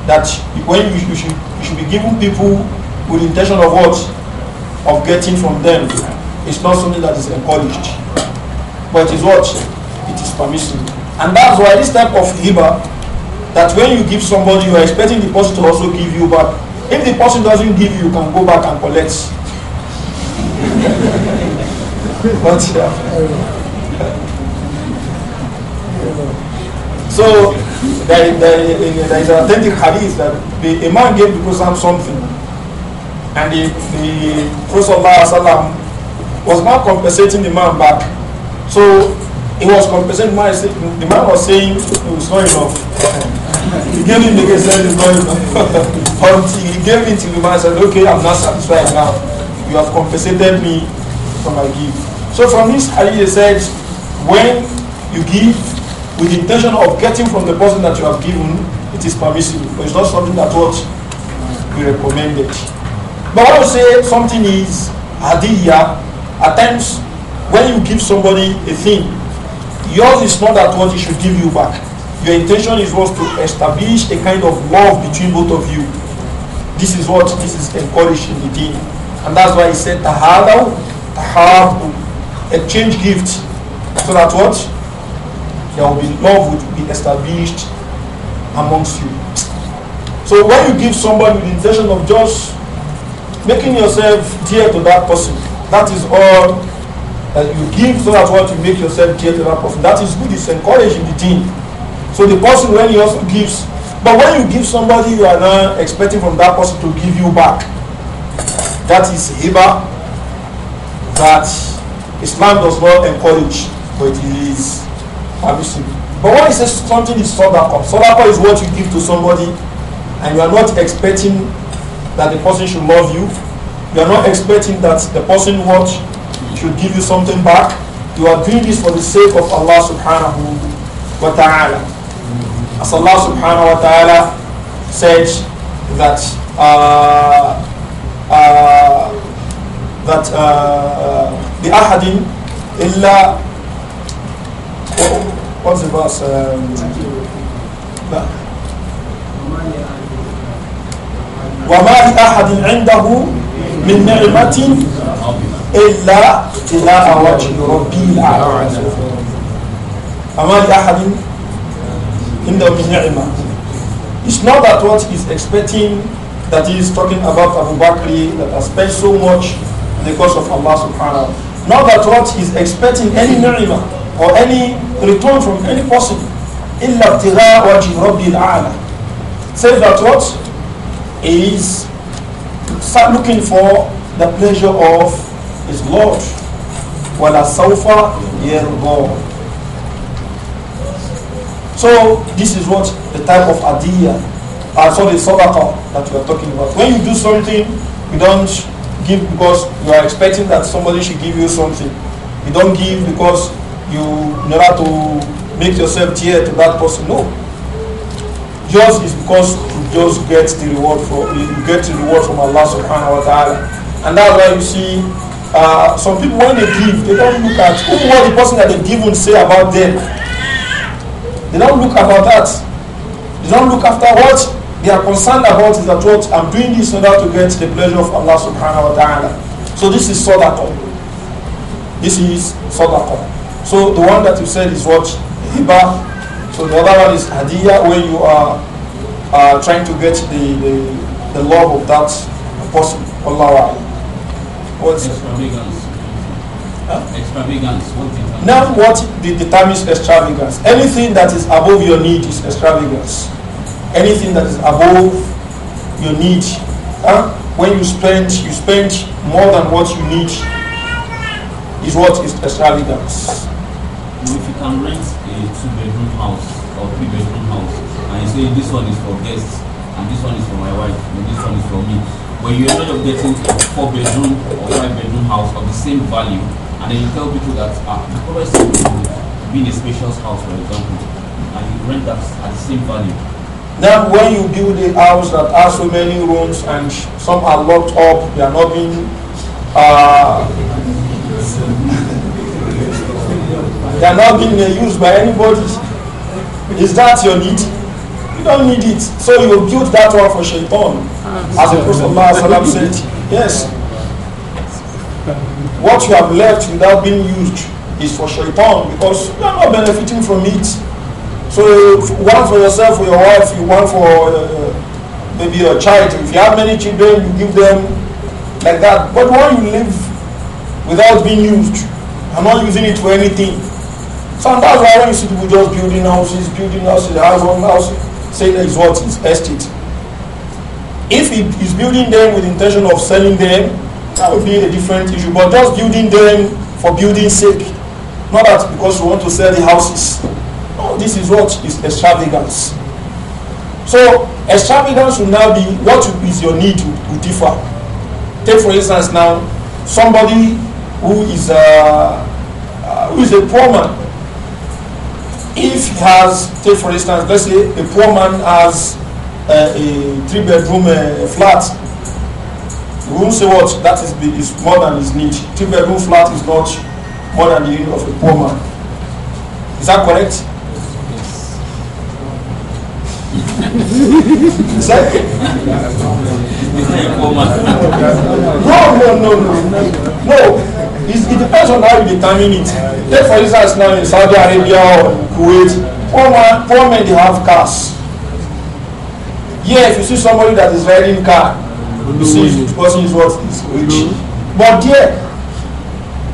[SPEAKER 1] That when you, you, should, you should be giving people with intention of what? Of getting from them. It's not something that is encouraged. But it is what? It is permissible. And that's why this type of hiba, that when you give somebody, you are expecting the person to also give you back. If the person doesn't give you, you can go back and collect. but yeah. Uh, so there, there, there is an authentic hadith that the, a man gave the Prophet something, and the, the Prophet was not compensating the man back. So He was compensating my The man was saying it was not enough. he gave him again, said it's not enough. Until he gave it to the man said, okay, I'm not satisfied now. You have compensated me for my gift. So from this, Ali said, when you give with the intention of getting from the person that you have given, it is permissible, but it's not something that what we recommended. But I would say something is hadiya. At times, when you give somebody a thing, Yours is not that what he should give you back. Your intention is was to establish a kind of love between both of you. This is what this is encouraged in the deen. And that's why he said tahadaw, to exchange gift. So that what? There will be love would be established amongst you. So when you give somebody with the intention of just making yourself dear to that person, that is all that you give so that well to make yourself dear to that person. That is good, it's encouraging the deen. So the person when he also gives, but when you give somebody, you are not expecting from that person to give you back. That is Iba that Islam does not encourage, but it is permissible. But when it says something is sadaqa, sadaqa is what you give to somebody and you are not expecting that the person should love you. You are not expecting that the person what should give you something back. You are doing this for the sake of Allah subhanahu wa ta'ala. As Allah subhanahu wa ta'ala said that uh, uh, that the uh, ahadin illa what's the verse? وما لأحد عنده من نعمة إلا ابتغاء وجه ربه الأعلى أما لأحد عنده من نعمة It's not that what he's expecting that he's talking about Abu Bakr that has spent so much the cause of Allah subhanahu wa Not that what he's expecting any ni'mah or any return from any person. Illa tira wa رَبِّ ala. Says that what is looking for the pleasure of is Lord. وَلَسَوْفَ يَرْضَى so this is what the type of idea, uh, sorry, sadaqah that we are talking about. When you do something, you don't give because you are expecting that somebody should give you something. You don't give because you never to make yourself dear to that person. No. Yours is because you just get the reward for you get the reward from Allah subhanahu wa ta'ala. And that's why you see uh, some people when they give, they don't look at who what the person that they give would say about them. They don't look about that. They don't look after what they are concerned about is that what I'm doing this in order to get the pleasure of Allah subhanahu wa ta'ala. So this is sadaqah. This is sadaqah. So the one that you said is what? Hiba. So the other one is Hadiya where you are uh, trying to get the, the, the love of that person. Allah. What's extravagance? Huh? Extravagance. now, what the, the term is extravagance? Anything that is above your need is extravagance. Anything that is above your need. Huh? When you spend, you spend more than what you need. Is what is extravagance. If you can rent a two-bedroom house or three-bedroom house,
[SPEAKER 3] and you say this one is for guests, and this one is for my wife, and this one is for me, when you end up getting a four bedroom or five bedroom house of the same value, and then you tell people that ah,
[SPEAKER 1] you probably see be in a spacious house, for example, and you rent that at the same value. Now, when you build a house that has so many rooms and some are locked up, they are not being. Uh, they are not being used by anybody. Is that your need? don't need it. So you build that one for shaitan. Ah. As the Prophet said, yes. What you have left without being used is for shaitan because you are not benefiting from it. So one for yourself, for your wife, you want for uh, uh maybe your child. If you have many children, you give them like that. But why you live without being used, I'm not using it for anything. Sometimes I when you see people just building houses, building houses, house on houses. Say is what is estate. If he is building them with the intention of selling them, that would be a different issue. But just building them for building sake, not that because we want to sell the houses. No, this is what is extravagance. So extravagance will now be what is your need to differ. Take for instance now somebody who is a, uh, uh, who is a poor man if he has, take for instance, let's say a poor man has uh, a three bedroom uh, flat, we won't say what that is, is more than his need. Three bedroom flat is not more than the need of a poor man. Is that correct? Yes. that no, no, no, no, no. It's, it depends on how you determine it. Take for instance now in Saudi Arabia or Kuwait, poor, man, poor men they have cars. if you see somebody that is riding car, you see the person is what is rich. But there,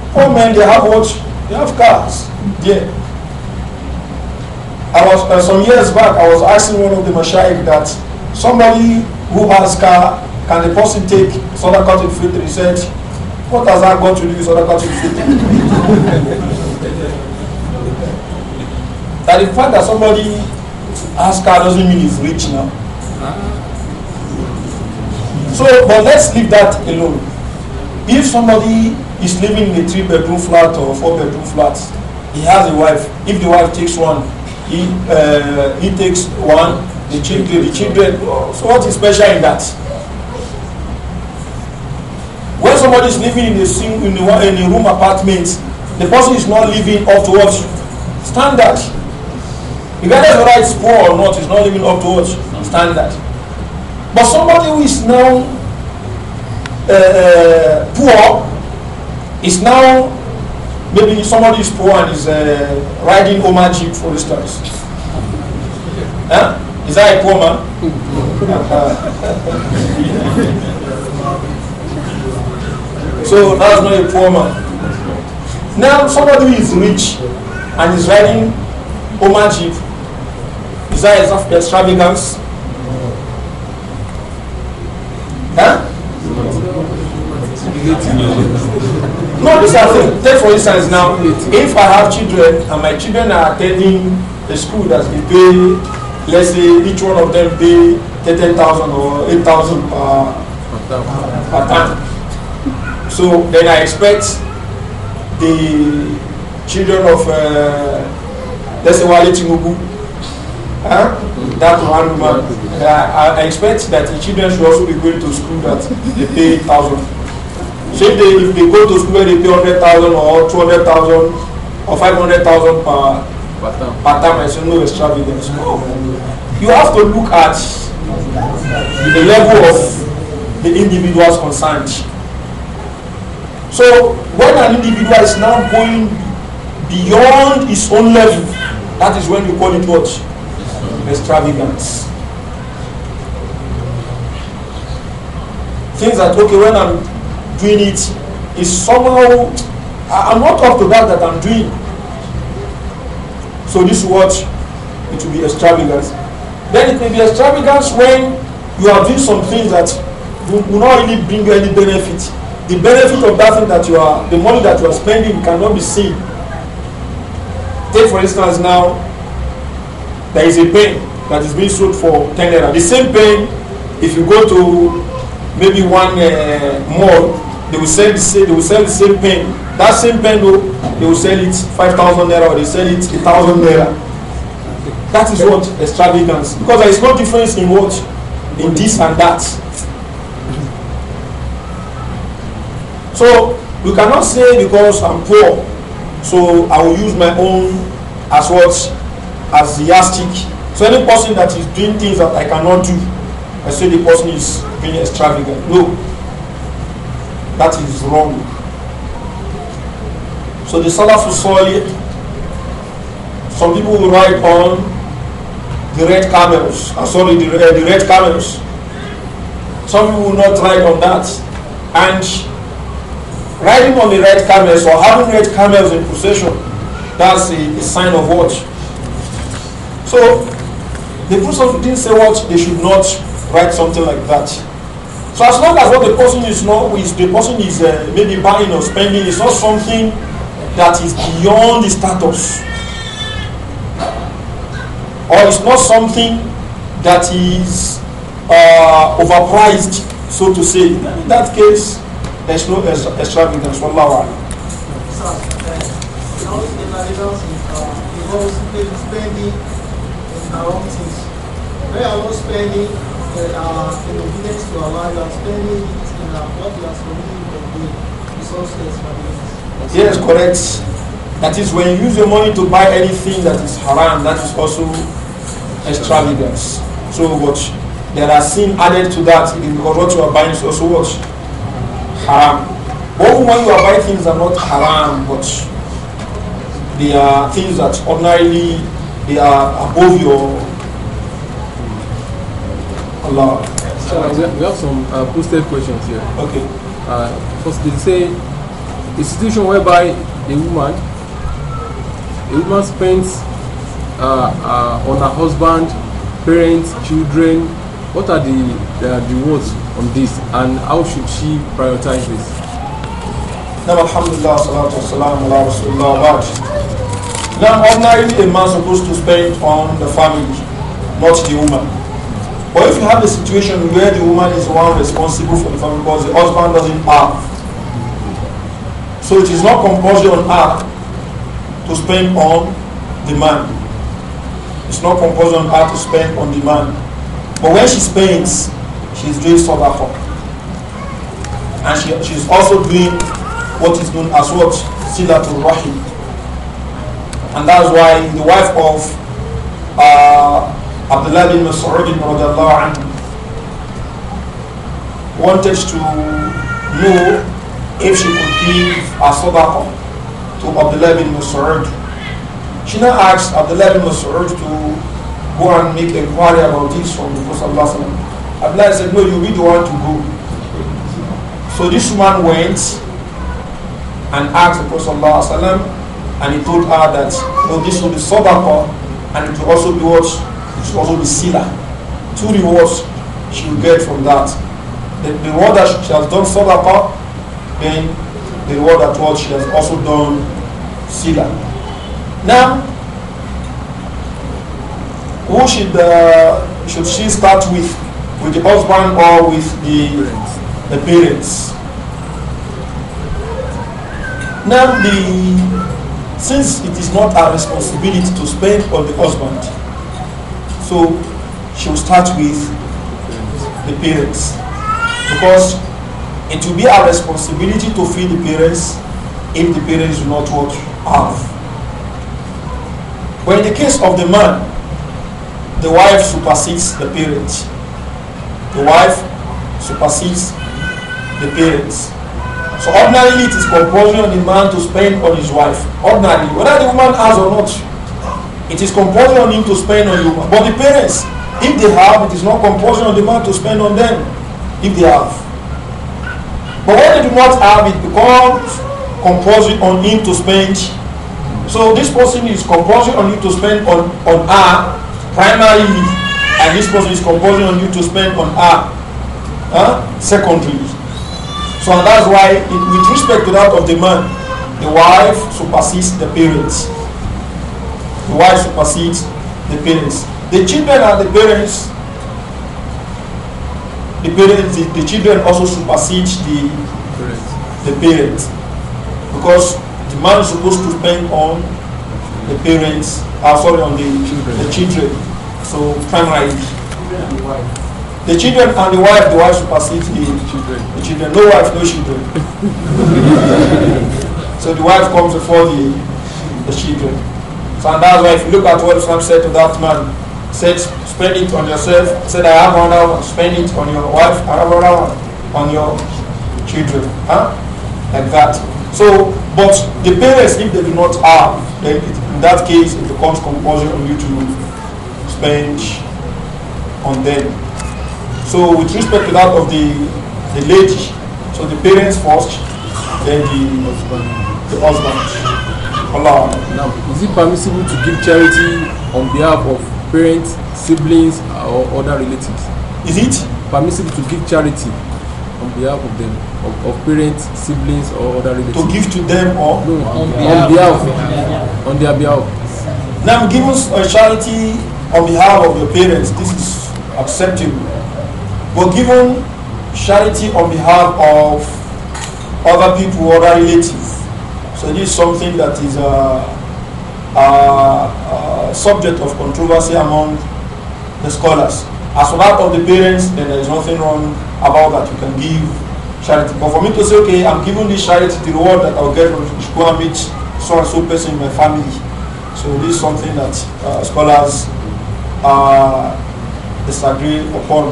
[SPEAKER 1] poor men they have what? They have cars there. I was uh, some years back. I was asking one of the mashayikh that somebody who has car can the person take sadakat al fitr? He said What has that got to do with other countries that the fact that somebody has car doesn't mean he's rich now. So, but let's leave that alone. If somebody is living in a three bedroom flat or four bedroom flat, he has a wife. If the wife takes one, he, uh, he takes one, the children, the children. So, what is special in that? When somebody is living in a, single, in a, in a room apartment, the person is not living up to what? Standard. Regardless whether it's poor or not, is not living up to what? Standard. But somebody who is now uh, uh poor is now maybe somebody is poor and is uh, riding Omar Jeep, for instance. huh? Is that a poor man? Uh-huh. So that's not a poor man. Now, somebody who is rich and is riding Oman Jeep, is that extravagance? Huh? No, this is thing. Take for instance now, if I have children and my children are attending a school that they pay, let's say each one of them pay 10,000 or 8,000 per, per, per, So then I expect the children of, uh, let's say, Wale Tinubu, huh? that one woman, uh, I, I expect that the children should also be going to school that they pay thousand. So if they, if they go to school they pay hundred thousand or two hundred thousand or five hundred thousand per, per time, I say no extravagance. No. You have to look at the level of the individuals concerned. So when an individual is now going beyond his own level, that is when you call it what? Extravagance. Things that okay when I'm doing it is somehow I'm not up to that that I'm doing. So this watch it will be extravagance. Then it may be extravagance when you are doing some things that will not really bring you any benefit the benefit of that thing that you are, the money that you are spending cannot be seen. Take for instance now, there is a pen that is being sold for ten naira. The same pen, if you go to maybe one uh, mall, they will sell the same, they will sell the same pen. That same pen though, they will sell it five thousand naira or they sell it a thousand naira. That is what extravagance, because there is no difference in what, in this and that. So you cannot say because I'm poor, so I will use my own as what as the yardstick. So any person that is doing things that I cannot do, I say the person is being extravagant. No, that is wrong. So the Salaf it. some people will ride on the red camels. I'm ah, sorry, the, uh, the red camels. Some people will not ride on that. And riding on the red camels or having red camels in possession, that's a, a sign of what? So the person didn't say what they should not write something like that. So as long as what the person is not is the person is uh, maybe buying or spending, it's not something that is beyond the status. Or it's not something that is uh, overpriced, so to say. In that case, there's no extravagance. Wallahu a'lam. Now, for Yes, correct. That is when you use your money to buy anything that is haram, that is also extravagance. So what? There are sin added to that because what you are buying is also what? haram. Even when you are buying things are not haram, but they are things that ordinarily they are above your
[SPEAKER 2] Allah. So we have some uh, posted questions here. Okay. Uh, first, they say a situation whereby a woman, a woman spends uh, uh on her husband, parents, children. What are the uh, the, the words on this and how should she prioritize this? Now, alhamdulillah, salatu salam, ala rasulullah,
[SPEAKER 1] Now, ordinarily, a man supposed to spend on the family, not the woman. But if you have a situation where the woman is the one responsible for the family because the husband doesn't have, so it is not compulsory on her to spend on the man. It's not compulsory on her to spend on the man. But when she spends, she's doing sadaqah. And she, she's also doing what is known as what? Silatul Rahim. And that's why the wife of uh, Abdullah bin Mas'ud wanted to know if she could give a sadaqah to Abdullah bin Mas'ud. She now asked Abdullah bin Mas'ud to go and make inquiry about this from the Prophet Abdullah said, No, you'll be the one to go. So this woman went and asked the Prophet and he told her that no, this will be sabaqah and it will also be what? It will also be sila. Two rewards she will get from that. The, the reward that she has done sabaqah, then the reward that what she has also done sila. Now, who should, uh, should she start with? with the husband or with the, the parents. Now, the, since it is not our responsibility to spend on the husband, so she will start with the parents because it will be our responsibility to feed the parents if the parents do not work have. But in the case of the man, the wife supersedes the parents the wife supersedes the parents. So ordinarily it is compulsory on the man to spend on his wife. Ordinarily, whether the woman has or not, it is compulsory on him to spend on you. But the parents, if they have, it is not compulsory on the man to spend on them if they have. But when they do not have, it becomes compulsory on him to spend. So this person is compulsory on him to spend on, on her primarily and this person is composing on you to spend on her huh? secondary. So and that's why, with respect to that of the man, the wife supersedes the parents. The wife supersedes the parents. The children are the parents. The parents, the, the children also supersede the parents. the parents because the man is supposed to spend on the parents. Uh, sorry, on the children. The children. So time The, the children and the wife, the wife supersedes the, the children. The children, no wife, no children. so the wife comes before the, the children. So and that's why if you look at what Islam said to that man, said spend it on yourself, said I have another one, spend it on your wife, I have another one on your children. Huh? Like that. So, but the parents, if they do not have, then it, in that case, it becomes compulsory on you to Bench on them. So with respect to that of the, the lady, so the
[SPEAKER 2] parents first, then the husband. The husband. Allah. Now, is it permissible to give charity on behalf of parents, siblings, or other relatives? Is it permissible to give charity on behalf of them, of, of parents, siblings, or other relatives? To give to them or no, on, on behalf, behalf,
[SPEAKER 1] on, their behalf. Now, giving a charity on behalf of your parents, this is acceptable. But given charity on behalf of other people, other relatives, so this is something that is a, a, a subject of controversy among the scholars. As for that of the parents, then there is nothing wrong about that. You can give charity. But for me to say, okay, I'm giving this charity, the reward that I'll get from go and meet so and so person in my family. So this is something that uh, scholars uh, disagree upon.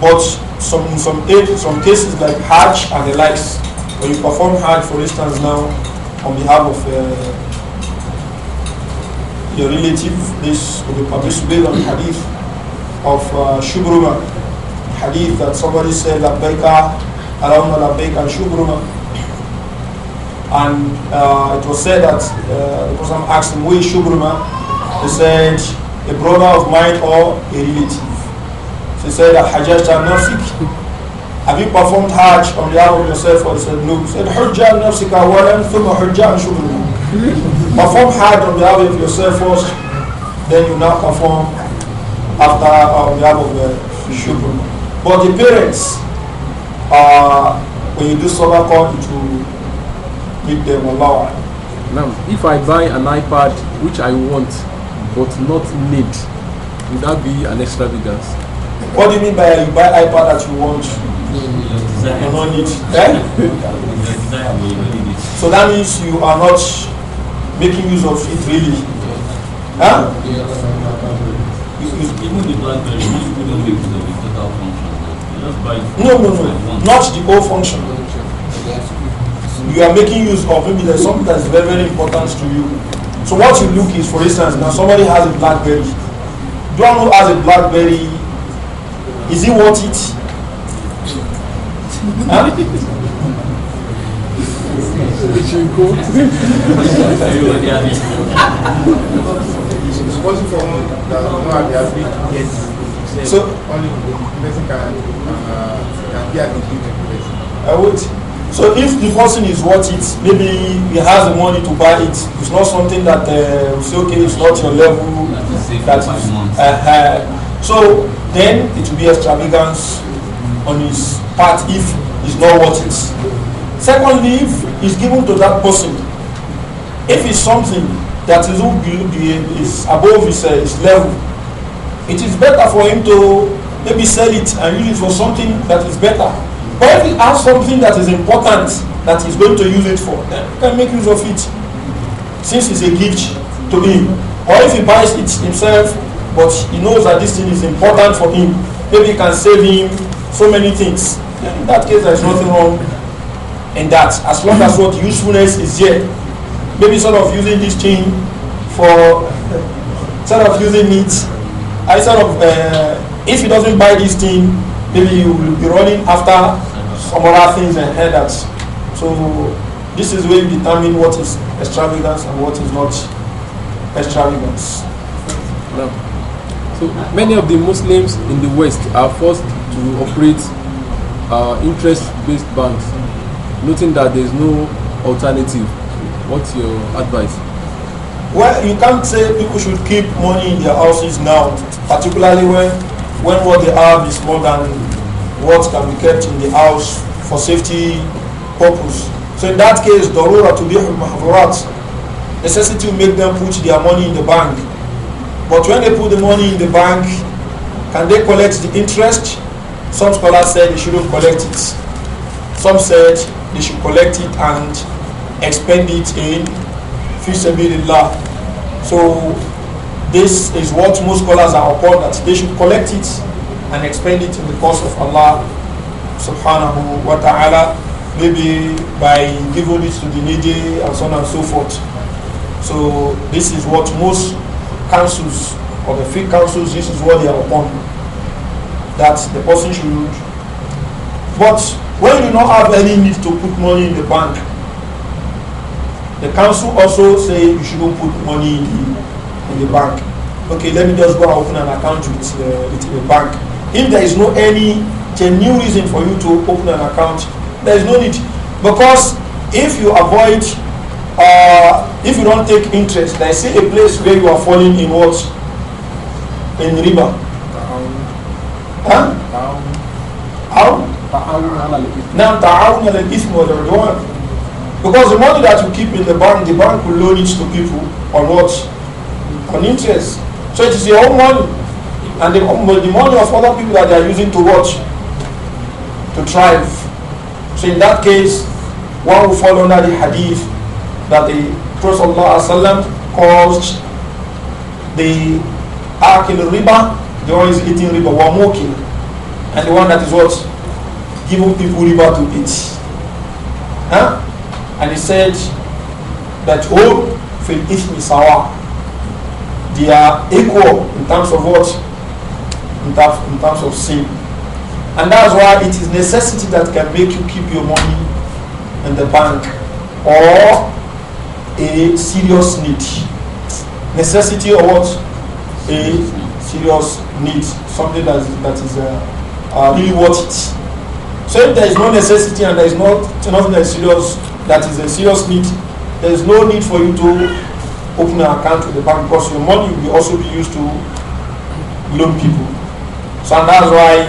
[SPEAKER 1] But some in some cases, some cases like Hajj and the likes, when you perform Hajj, for instance, now on behalf of uh, your relative, this will be published based on hadith of uh, Shubruma, hadith that somebody said labbaika, Allahumma labbaika and Shubruma. And uh, it was said that uh, the Prophet asked him, where is Shubruma? He said, a brother of mine or a relative. She said, Hajjaj al-Nafik, have you performed Hajj on behalf of yourself? Or said, no. She said, Hujja al-Nafsika walan thumma hujja
[SPEAKER 2] al-shukrun.
[SPEAKER 1] Perform Hajj on behalf of yourself first, then you now perform after on behalf of the shukrun. But the parents, uh, when you do
[SPEAKER 2] call, it will give them allow. Now, if I buy an iPad, which I want, but not need. Would that be an extravagance?
[SPEAKER 1] What do you mean by you buy iPad that you want? You don't need So that means you are not making use of it really. Huh? Even the don't function. no, no, no. Not the whole function you are making use of maybe there's something that's very very important to you So what you look is, for instance, now somebody has a BlackBerry. Do I know has a BlackBerry? Is he worth it? huh?
[SPEAKER 2] so, uh, I would.
[SPEAKER 1] So if the person is worth it, maybe he has the money to buy it. It's not something that uh, say, okay, it's not your level. That is, uh, uh-huh. so then it will be extravagance on his part if it's not worth it. Secondly, if it's given to that person, if it's something that is, is above his, uh, his level, it is better for him to maybe sell it and use it for something that is better But if he has something that is important that he's going to use it for, then he can make use of it since it's a gift to him. Or if he buys it himself, but he knows that this thing is important for him, maybe it can save him so many things. Then in that case, there's nothing wrong in that. As long as what usefulness is there, maybe sort of using this thing for sort of using it. I sort of uh, if he doesn't buy this thing maybe you will be running after some other things and that. So this is where you determine what is extravagance and what is not
[SPEAKER 2] extravagance. So many of the Muslims in the West are forced to operate uh, interest-based banks, noting that there is no alternative. What's your advice? Well, you can't say people should keep money in their houses now, particularly when
[SPEAKER 1] when what they have is more than what can be kept in the house for safety purpose. So in that case, ruler to be mahdurat, necessity will make them put their money in the bank. But when they put the money in the bank, can they collect the interest? Some scholars said they shouldn't collect it. Some said they should collect it and expend it in fisabilillah. So this is what most scholars are upon that they should collect it and expend it in the cause of Allah subhanahu wa ta'ala, maybe by giving it to the needy and so on and so forth. So this is what most councils or the few councils, this is what they are upon. That the person should. But when you do not have any need to put money in the bank, the council also say you shouldn't put money in the in the bank. Okay, let me just go and open an account with, uh, with the bank. If there is no any genuine reason for you to open an account, there is no need. Because if you avoid, uh, if you don't take interest, I see a place where you are falling in what? In riba. Huh? Now, ta'awun al-ithm wal Because the money that you keep in the bank, the bank will loan it to people on what? on interest. So it is your own money. And the, the money of other people that they are using to watch, to thrive. So in that case, one will follow under the hadith that the Prophet ﷺ caused the akil riba, the one is eating riba, wamoki, and the one that is what? Giving people riba to eat. Huh? And he said that all oh, fil ithmi sawa they are equal in terms of what? In, terms, in terms of sin. And that's why it is necessity that can make you keep your money in the bank or a serious need. Necessity or what? A serious need. Something that is, that is uh, uh, really worth it. So if there is no necessity and there is not nothing that is serious, that is a serious need, there is no need for you to open an account with the bank because your money will also be used to loan people. So and that's why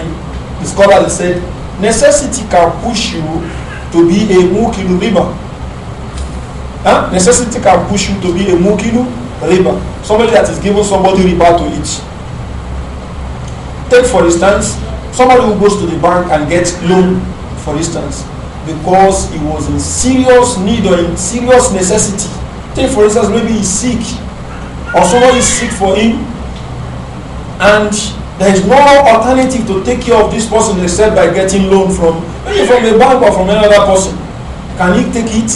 [SPEAKER 1] the scholar said necessity can push you to be a mukinu riba. Huh? Necessity can push you to be a mukinu riba. Somebody that is giving somebody riba to eat. Take for instance, somebody who goes to the bank and gets loan, for instance, because he was in serious need or in serious necessity Take for instance, maybe he's sick or someone is sick for him and there is no alternative to take care of this person except by getting loan from maybe from the bank or from another person. Can he take it?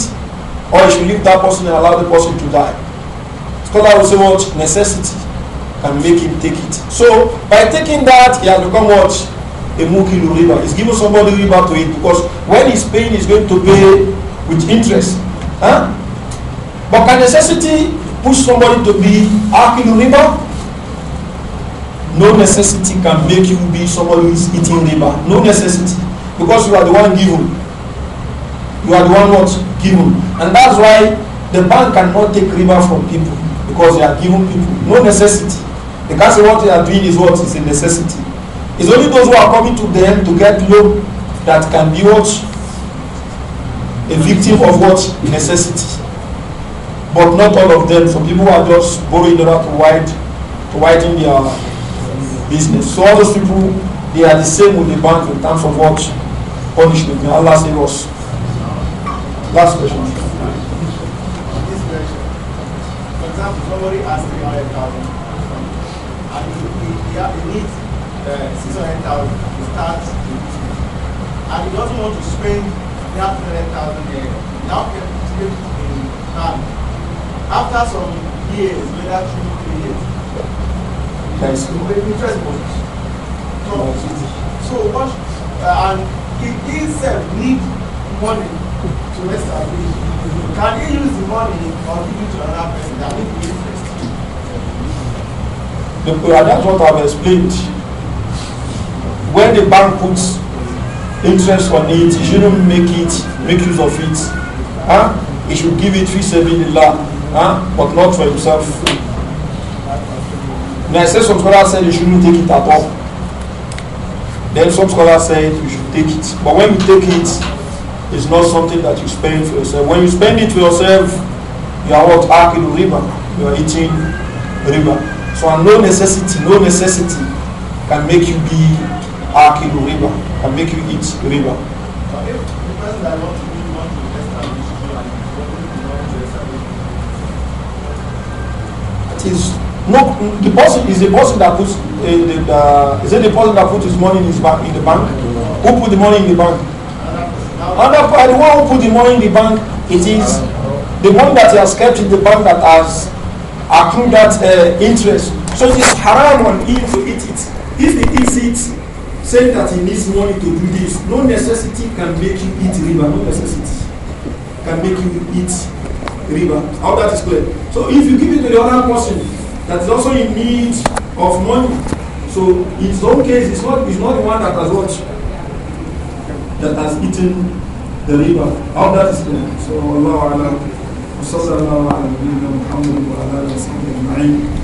[SPEAKER 1] Or should leave that person and allow the person to die? Scholar will say what? Necessity can make him take it. So by taking that, he has become what? A mukilu river. He's given somebody river to it because when he's paying, he's going to pay with interest. Huh? But can necessity push somebody to be Akil river. No necessity can make you be somebody who is eating river. No necessity. Because you are the one given. You are the one not given. And that's why the bank cannot take river from people. Because they are given people. No necessity. Because what they are doing is what is a necessity. It's only those who are coming to them to get loan that can be what? A victim of what? Necessity but not all of them. Some people are just borrowing in order to widen, to widen their business. So all those people, they are the same with the bank in terms of what punishment. May Allah save us. Last question. question.
[SPEAKER 2] For example, somebody asked 300,000 and he, he needs uh, 600,000 to start the business. And he doesn't want to spend
[SPEAKER 1] that 300,000 there. Now, he in bank after some years, whether three years, yes. the interest bonds.
[SPEAKER 2] So, so what, uh, and if he himself need money to establish, can he use the money or give it to another person that will the interest?
[SPEAKER 1] The, uh, that's what I've explained. When the bank puts interest on it, you shouldn't make it, make use of it. Huh? It should give it free serving huh? but not for himself. Now, I some scholars said you shouldn't take it at all. Then some scholars said you should take it. But when you take it, it's not something that you spend for yourself. When you spend it for yourself, you are what? Arking river? You are eating river? So no necessity, no necessity can make you be arking river. can make you eat the riba. that is no the person is the person that puts uh, the, the, uh, is it the person that put his money in his bank in the bank? Who put the money in the bank? And the one who put the money in the bank, it is the one that he has kept in the bank that has accrued that uh, interest. So it is haram on him to eat it. If he eats it, saying that he needs money to do this, no necessity can make you eat riba, no necessity can make you eat River. How that is clear. So if you give it to the other person that is also in need of money, so in his own case, it's not, it's not the one that has what? That has eaten the river. How that is clear. So Allah Allah. وصلى الله على نبينا محمد وعلى اله
[SPEAKER 3] وصحبه اجمعين